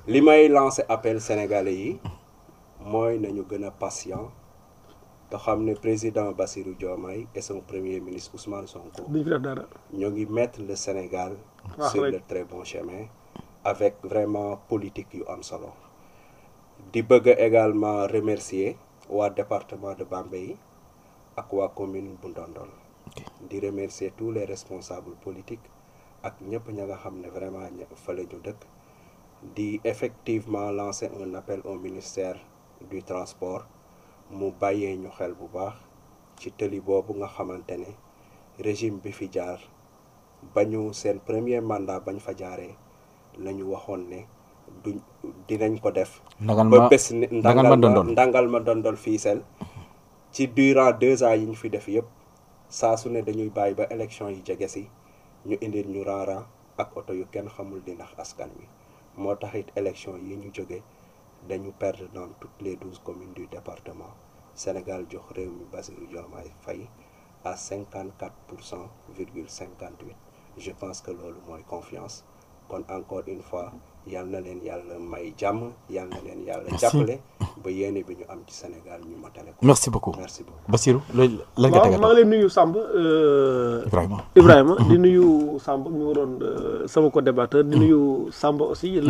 li may lancer appel sénégalais yi moy nañu gëna patient. Le président Bassirou Diomaye et son premier ministre Ousmane Sonko. Nous avons mettre le Sénégal. sur le très bon chemin. avec vraiment politique yu am également remercier le département de Bambey et la commune de bundondol. di remercier tous les responsables politiques et tous ceux qui vraiment fait la effectivement lancer un appel au ministère du transport. mu bàyyee ñu xel bu baax ci tëli boobu nga xamante ne régime bi fi jaar ba bañu seen premier mandat bañ fa jaaree la ñu waxoon ne duñ dinañ ko def. ndangal ma ba bés ndangal ma dondol ndangal fii sel ci durant deux ans yi ñu fi def yëpp saa su ne dañuy bàyyi ba élection yi jege si ñu indil ñu raara ak oto yu kenn xamul di ndax askan wi moo taxit élection yi ñu jóge nous perdre dans toutes les 12 communes du département Sénégal jox réew mi et à 54,58%. je pense que le moins confiance encore une fois yàlla na leen yàlla may jàmm yal na leen yàlla jàppale ba yéene bi ñu am ci Sénégal ñu matale ko merci beaucoup merci beaucoup Basirou loolu lan nga tegal waaw maa leen nuyu Samb euh, Ibrahima Ibrahima di mhm. nuyu Samb mi nga euh, sama ko débatteur di mhm. nuyu Samb aussi mhm.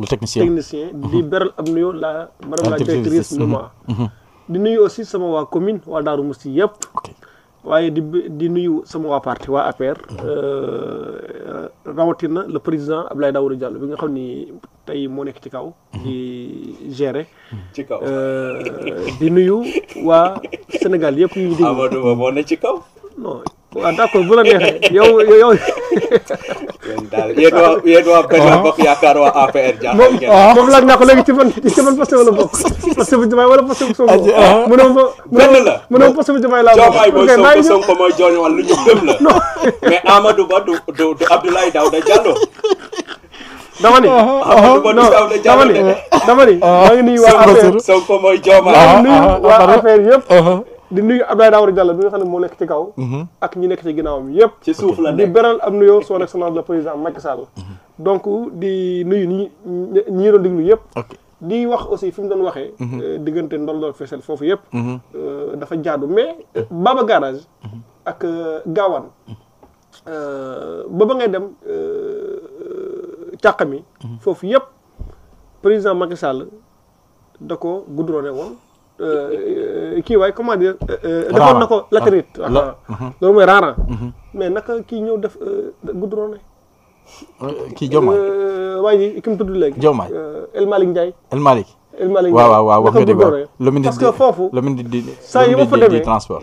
le technicien technicien di beral am nuyo la madame la directrice Nouma di nuyu aussi sama waa commune waa Daaru Musti yëpp waaye di di nuyu sama waa parti waa APR. Mhm. Euh, rawatina le président Abdoulaye Daouda jàll bi nga xam ni tey moo nekk ci kaw. Mhm. di ci kaw euh, di nuyu waa Sénégal yëpp yu ñu. Amadou Ba moo ne ci kaw. non waaw ah, d'accord bu la neexee yow yow. yéen daal yéen waa yéen waa benn ah. bokk yaakaar waa APR. moom ah. moom laaj naa ko léegi ci man ci man poste wala bokk poste bu Diomaye wala poste bu Sonko. benn la mu ne ma poste bu Diomaye laa bokk. Diomaye mooy Sonko Sonko mooy jooñ wala lu ñu gëm la. mais Amadou Ba du du du Abdoulaye Daouda Diallo. dama ni dama ni dama ni. maa ngi nuyu waa APR Sonko mooy Diomaye. waa APR yëpp. di nuyu abdoulay Daouda jalla bi nga xamne mo nek ci kaw. Mhm. ak ñi nek ci ginaawam yépp ci suuf la nekk di beral am nuyoo son excellence le président Macky Sall. Mhm. donc di nuyu ñi ñi doon diglu yépp. di wax aussi fi doon waxee. Mhm. Euh, digënté ndol-ndol Fesel foofu yépp. Euh, dafa jaadu mais Baba Garage. ak euh, Gawane. ba ba ngay dem euh mi. fofu yépp président Macky Sall dako ko goudronné Euh, euh, kii waay comment dire. Euh, defoon na ko ah. latérite. la mhm. loolu mooy raaran. Mhm. naka kii ñëw def goudronné. kii Diomaye waa ji ki mu tudd El Malick Ndiaye. El Malick. El Malick Ndiaye waaw waaw wax nga dëgg parce que foofu. transport.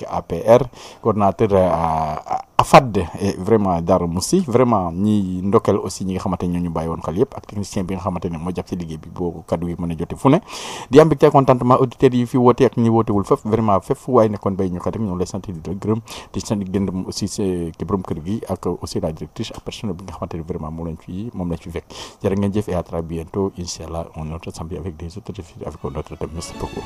nekk APR coordonnateur AFAD euh, et vraiment Darou Moussi vraiment ñi ndokkeel aussi ñi nga xamante ne ñu bàyyi woon xel ak technicien bi nga xamante ne moo si liggéey bi boo kaddu yi mën a jote fu ne di am mbégte contentement auditeurs yi fi woote ak ñi wootewul foofu vraiment fépp waaye nekkoon béy ñu ko rek ñoom lay di la gërëm di sant di gën aussi ki gi ak aussi la directrice ak personnel bi nga xamante ne vraiment moom lañ fi moom lañ fi fekk